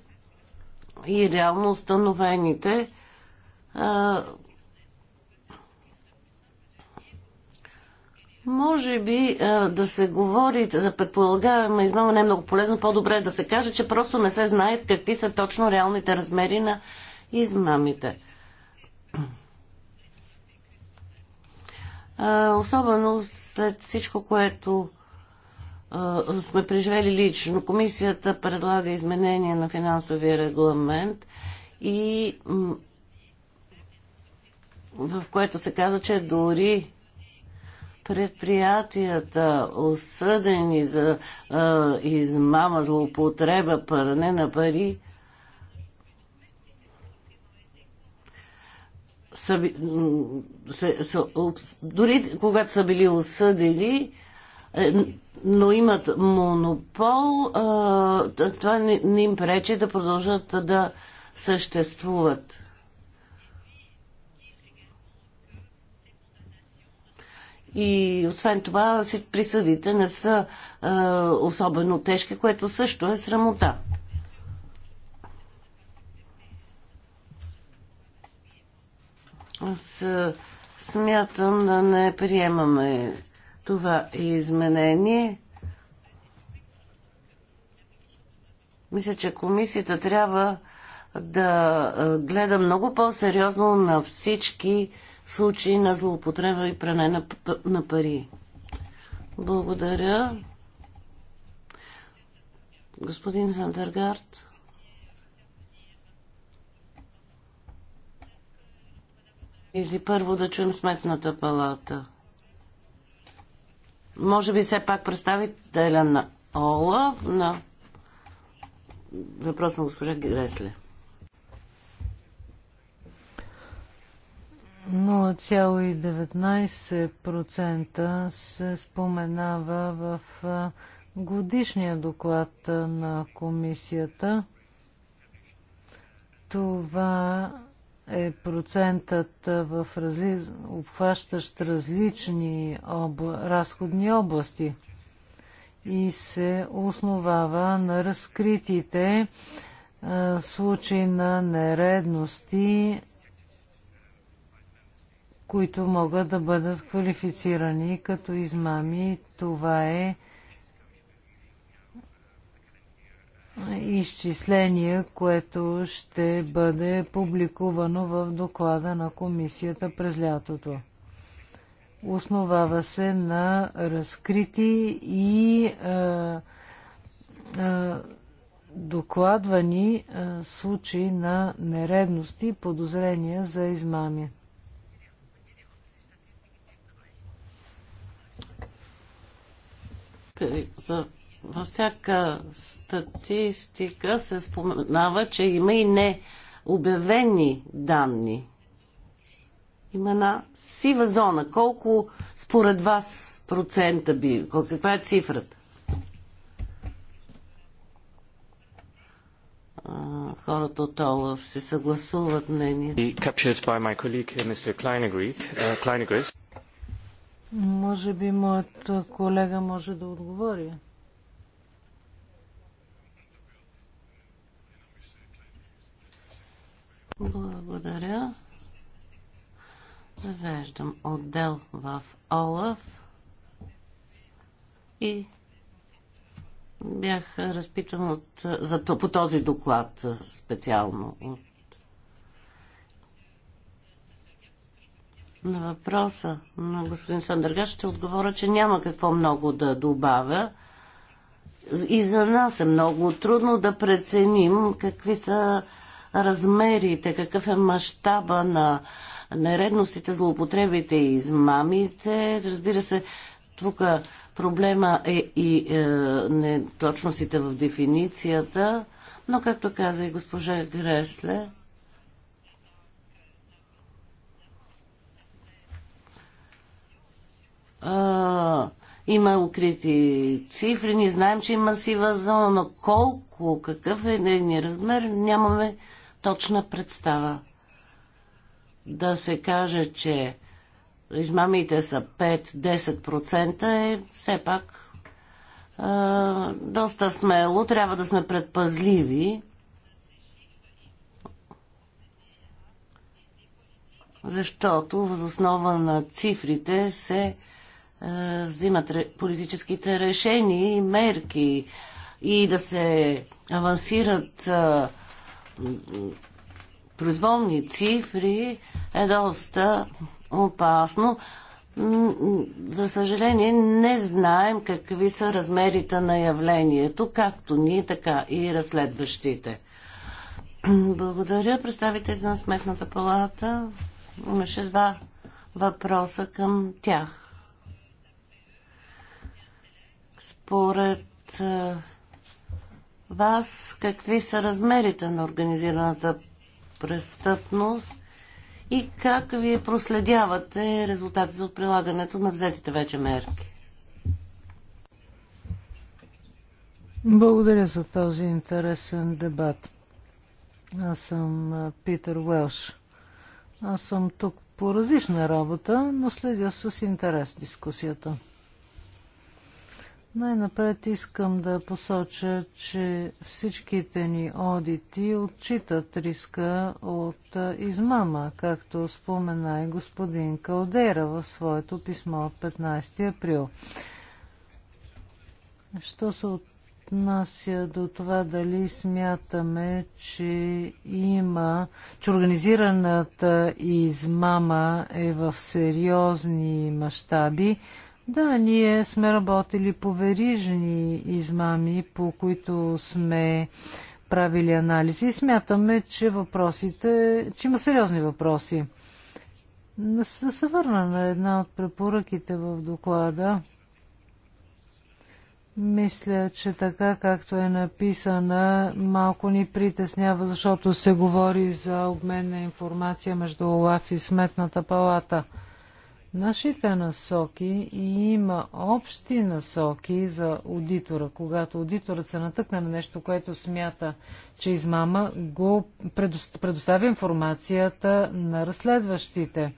и реално установените. Може би а, е, да се говори за предполагаема измама не е много полезно. По-добре е да се каже, че просто не се знаят какви са точно реалните размери на измамите. А, е, особено след всичко, което а, е, сме преживели лично. Комисията предлага изменение на финансовия регламент и в което се казва, че дори предприятията, осъдени за а, измама, злоупотреба, пране на пари, са, са, са, дори когато са били осъдени, е, но имат монопол, а, това не, не им пречи да продължат да съществуват. И освен това, присъдите не са е, особено тежки, което също е срамота. Аз е, смятам да не приемаме това изменение. Мисля, че комисията трябва да е, гледа много по-сериозно на всички случаи на злоупотреба и пране на, на пари. Благодаря. Господин Сандергард. Или първо да чуем сметната палата. Може би все пак представителя на Олаф на въпрос на госпожа Гресле. 0,19% се споменава в годишния доклад на комисията. Това е процентът в разли... обхващащ различни об... разходни области и се основава на разкритите а, случаи на нередности които могат да бъдат квалифицирани като измами. Това е изчисление, което ще бъде публикувано в доклада на комисията през лятото. Основава се на разкрити и а, а, докладвани а, случаи на нередности и подозрения за измами. за, във всяка статистика се споменава, че има и не обявени данни. Има една сива зона. Колко според вас процента би? Каква е цифрата? хората от Олаф се съгласуват мнение. Може би моят колега може да отговори. Благодаря. Завеждам отдел в ОЛАФ и бях разпитан от, за, по този доклад специално от На въпроса на господин Сандъргаш ще отговоря, че няма какво много да добавя. И за нас е много трудно да преценим какви са размерите, какъв е мащаба на нередностите, злоупотребите и измамите. Разбира се, тук проблема е и е, неточностите в дефиницията, но както каза и госпожа Гресле, а, има укрити цифри, ни знаем, че има сива зона, но колко, какъв е нейният размер, нямаме точна представа. Да се каже, че измамите са 5-10% е все пак а, доста смело. Трябва да сме предпазливи. Защото възоснова на цифрите се взимат политическите решения и мерки и да се авансират произволни цифри е доста опасно. За съжаление, не знаем какви са размерите на явлението, както ние, така и разследващите. Благодаря. Представителите на Сметната палата имаше два въпроса към тях. Според вас, какви са размерите на организираната престъпност и как вие проследявате резултатите от прилагането на взетите вече мерки? Благодаря за този интересен дебат. Аз съм Питер Уелш. Аз съм тук по различна работа, но следя с интерес дискусията. Най-напред искам да посоча, че всичките ни одити отчитат риска от измама, както спомена и господин Калдера в своето писмо от 15 април. Що се отнася до това дали смятаме, че има, че организираната измама е в сериозни мащаби, да, ние сме работили по верижни измами, по които сме правили анализи и смятаме, че въпросите, че има сериозни въпроси. Да се върна на една от препоръките в доклада. Мисля, че така както е написана, малко ни притеснява, защото се говори за обмен на информация между ОЛАФ и Сметната палата – Нашите насоки и има общи насоки за аудитора. Когато аудиторът се натъкне на нещо, което смята, че измама, го предоставя информацията на разследващите.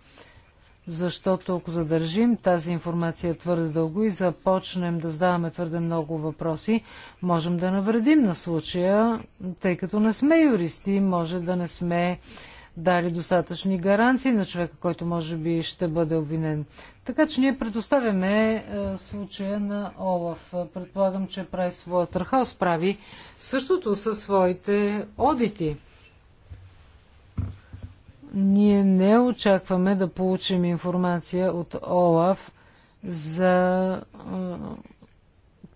Защото ако задържим тази информация твърде дълго и започнем да задаваме твърде много въпроси, можем да навредим на случая, тъй като не сме юристи, може да не сме дали достатъчни гаранции на човека, който може би ще бъде обвинен. Така че ние предоставяме е, случая на Олаф. Предполагам, че своя Waterhouse прави същото със своите одити. Ние не очакваме да получим информация от Олаф за е,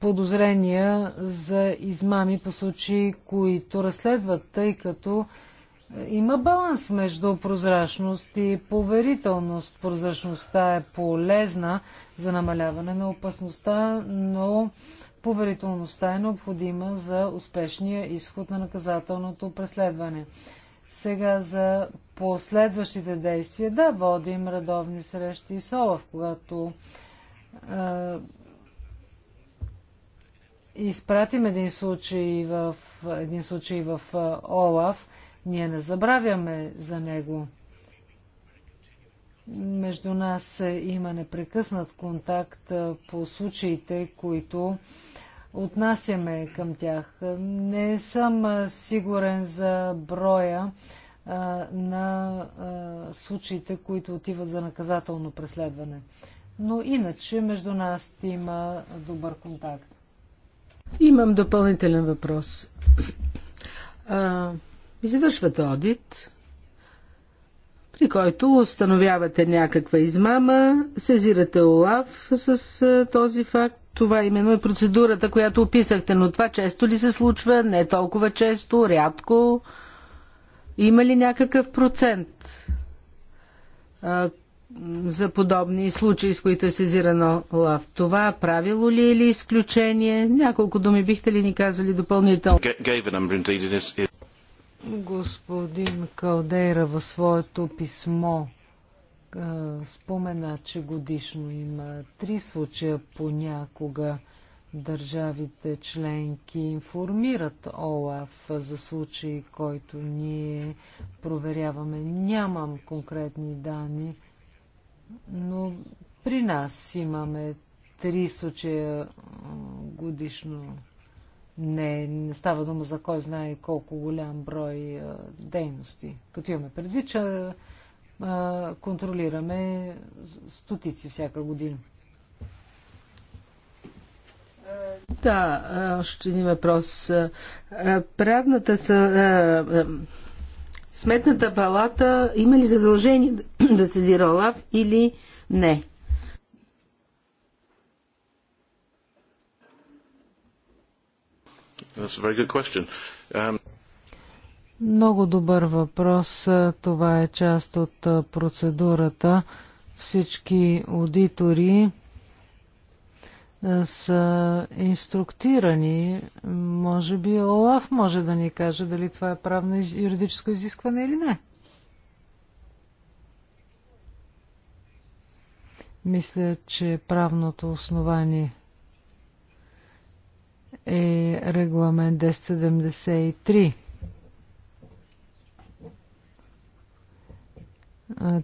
подозрения за измами по случаи, които разследват, тъй като има баланс между прозрачност и поверителност. Прозрачността е полезна за намаляване на опасността, но поверителността е необходима за успешния изход на наказателното преследване. Сега за последващите действия. Да, водим редовни срещи с Солов, когато е, изпратим един случай в, един случай в Олаф ние не забравяме за него. Между нас има непрекъснат контакт по случаите, които отнасяме към тях. Не съм сигурен за броя на случаите, които отиват за наказателно преследване. Но иначе между нас има добър контакт. Имам допълнителен въпрос извършвате одит, при който установявате някаква измама, сезирате ОЛАВ с този факт. Това именно е процедурата, която описахте, но това често ли се случва? Не толкова често, рядко. Има ли някакъв процент а, за подобни случаи, с които е сезирано Олаф? Това правило ли е или изключение? Няколко думи бихте ли ни казали допълнително? Господин Калдейра в своето писмо спомена, че годишно има три случая понякога. Държавите членки информират ОЛАФ за случаи, който ние проверяваме. Нямам конкретни данни, но при нас имаме три случая годишно. Не, не става дума за кой знае колко голям брой а, дейности. Като имаме предвид, че а, контролираме стотици всяка година. Да, още един въпрос. Правната са. Сметната палата има ли задължение да сезира ОЛАВ или не? That's a very good question. Um... Много добър въпрос. Това е част от процедурата. Всички аудитори са инструктирани. Може би ОЛАФ може да ни каже дали това е правно юридическо изискване или не. Мисля, че правното основание е регламент 1073.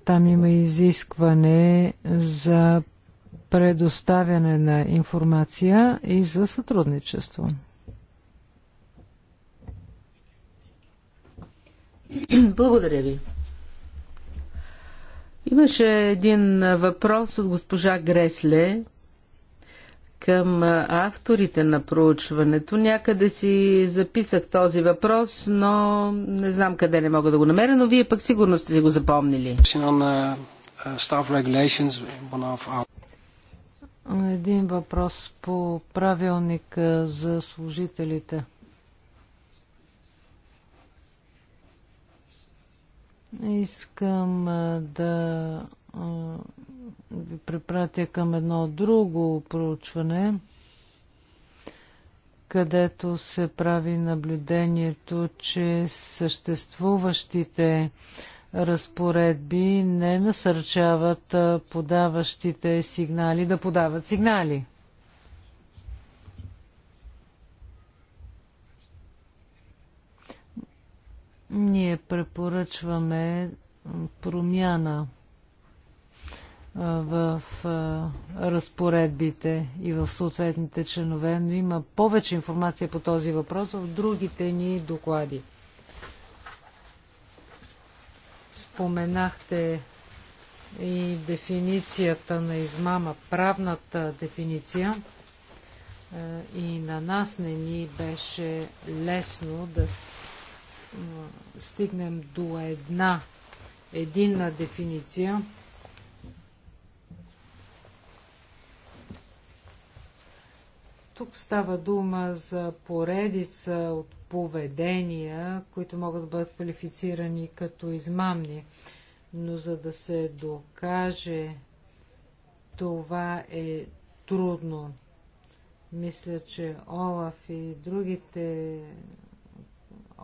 Там има изискване за предоставяне на информация и за сътрудничество. Благодаря ви. Имаше един въпрос от госпожа Гресле към авторите на проучването. Някъде си записах този въпрос, но не знам къде не мога да го намеря, но вие пък сигурно сте го запомнили. Един въпрос по правилника за служителите. Искам да ви препратя към едно друго проучване, където се прави наблюдението, че съществуващите разпоредби не насърчават подаващите сигнали да подават сигнали. Ние препоръчваме промяна в разпоредбите и в съответните членове, но има повече информация по този въпрос в другите ни доклади. Споменахте и дефиницията на измама, правната дефиниция. И на нас не ни беше лесно да стигнем до една единна дефиниция Тук става дума за поредица от поведения, които могат да бъдат квалифицирани като измамни. Но за да се докаже това е трудно. Мисля, че Олаф и другите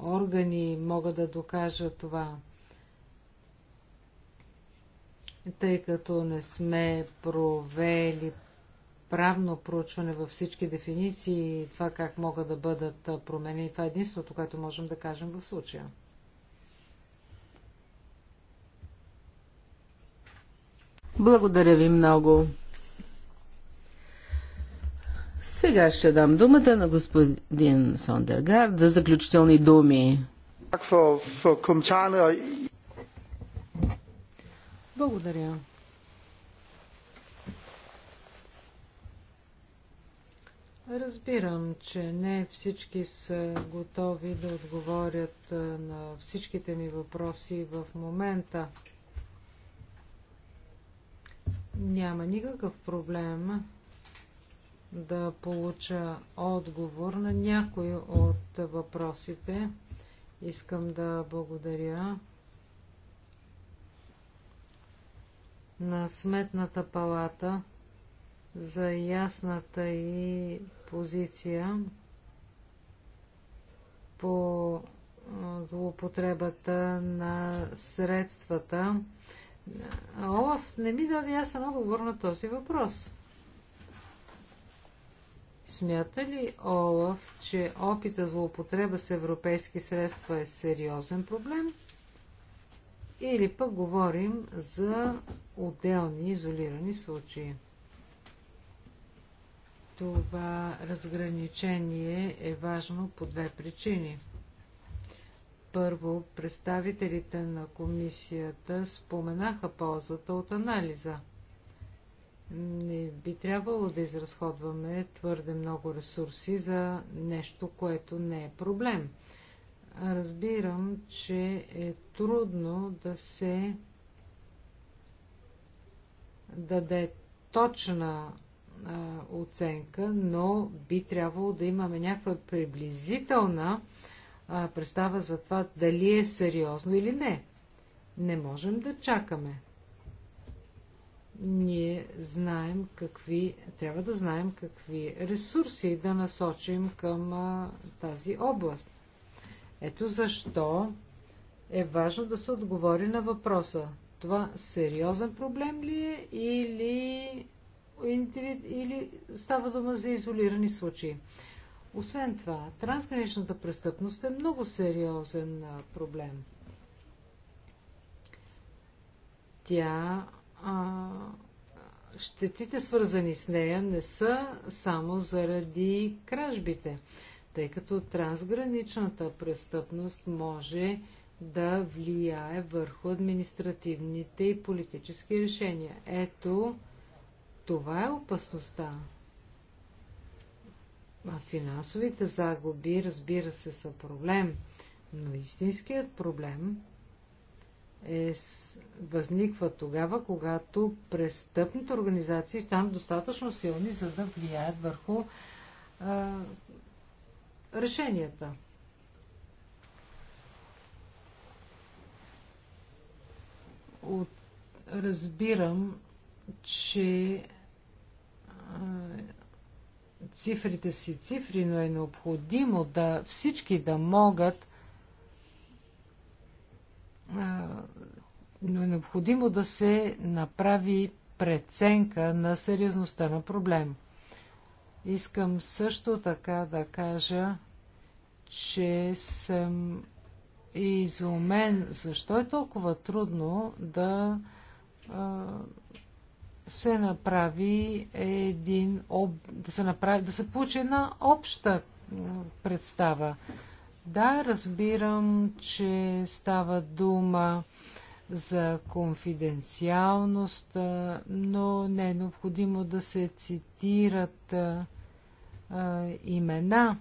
органи могат да докажат това. Тъй като не сме провели правно проучване във всички дефиниции и това как могат да бъдат променени. Това е единството, което можем да кажем в случая. Благодаря ви много. Сега ще дам думата на господин Сондергард за заключителни думи. Благодаря Разбирам, че не всички са готови да отговорят на всичките ми въпроси в момента. Няма никакъв проблем да получа отговор на някои от въпросите. Искам да благодаря на Сметната палата за ясната и позиция по злоупотребата на средствата. Олаф не ми даде ясен отговор на този въпрос. Смята ли Олаф, че опита злоупотреба с европейски средства е сериозен проблем? Или пък говорим за отделни изолирани случаи? Това разграничение е важно по две причини. Първо, представителите на комисията споменаха ползата от анализа. Не би трябвало да изразходваме твърде много ресурси за нещо, което не е проблем. Разбирам, че е трудно да се даде точна оценка, но би трябвало да имаме някаква приблизителна представа за това дали е сериозно или не. Не можем да чакаме. Ние знаем какви, трябва да знаем какви ресурси да насочим към а, тази област. Ето защо е важно да се отговори на въпроса. Това сериозен проблем ли е или индивид или става дума за изолирани случаи. Освен това, трансграничната престъпност е много сериозен проблем. Тя а, щетите свързани с нея не са само заради кражбите, тъй като трансграничната престъпност може да влияе върху административните и политически решения. Ето това е опасността. А финансовите загуби, разбира се, са проблем, но истинският проблем е, възниква тогава, когато престъпните организации станат достатъчно силни, за да влияят върху а, решенията. От, разбирам, че цифрите си цифри, но е необходимо да всички да могат но е необходимо да се направи преценка на сериозността на проблем. Искам също така да кажа, че съм изумен защо е толкова трудно да се направи един, да се, направи, да се получи една обща представа. Да, разбирам, че става дума за конфиденциалност, но не е необходимо да се цитират а, имена.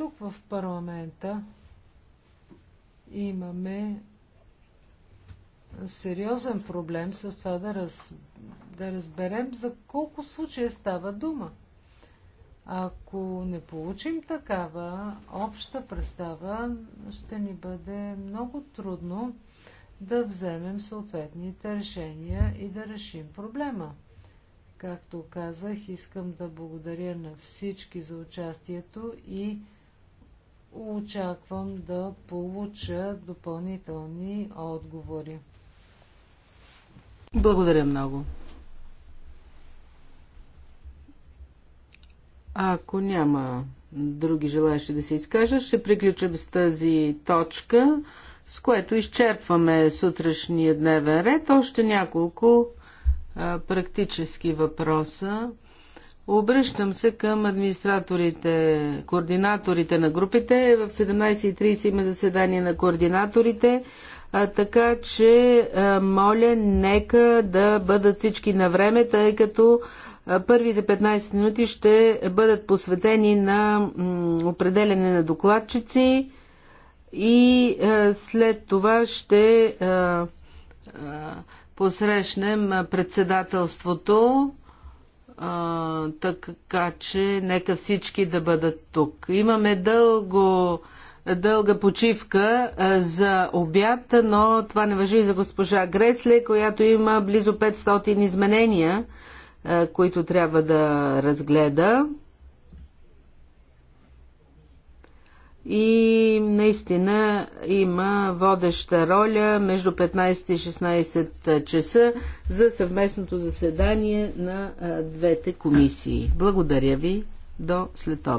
Тук в парламента имаме сериозен проблем с това да, раз, да разберем за колко случая става дума. Ако не получим такава обща представа, ще ни бъде много трудно да вземем съответните решения и да решим проблема. Както казах, искам да благодаря на всички за участието и Очаквам да получа допълнителни отговори. Благодаря много. Ако няма други желаящи да се изкажат, ще приключим с тази точка, с което изчерпваме сутрешния дневен ред. Още няколко а, практически въпроса. Обръщам се към администраторите, координаторите на групите. В 17.30 има заседание на координаторите, а, така че а, моля, нека да бъдат всички на време, тъй като а, първите 15 минути ще бъдат посветени на определене на докладчици и а, след това ще а, а, посрещнем председателството а, така че нека всички да бъдат тук. Имаме дълго, дълга почивка а, за обяд, но това не въжи и за госпожа Гресле, която има близо 500 изменения, а, които трябва да разгледа. и наистина има водеща роля между 15 и 16 часа за съвместното заседание на двете комисии. Благодаря ви. До след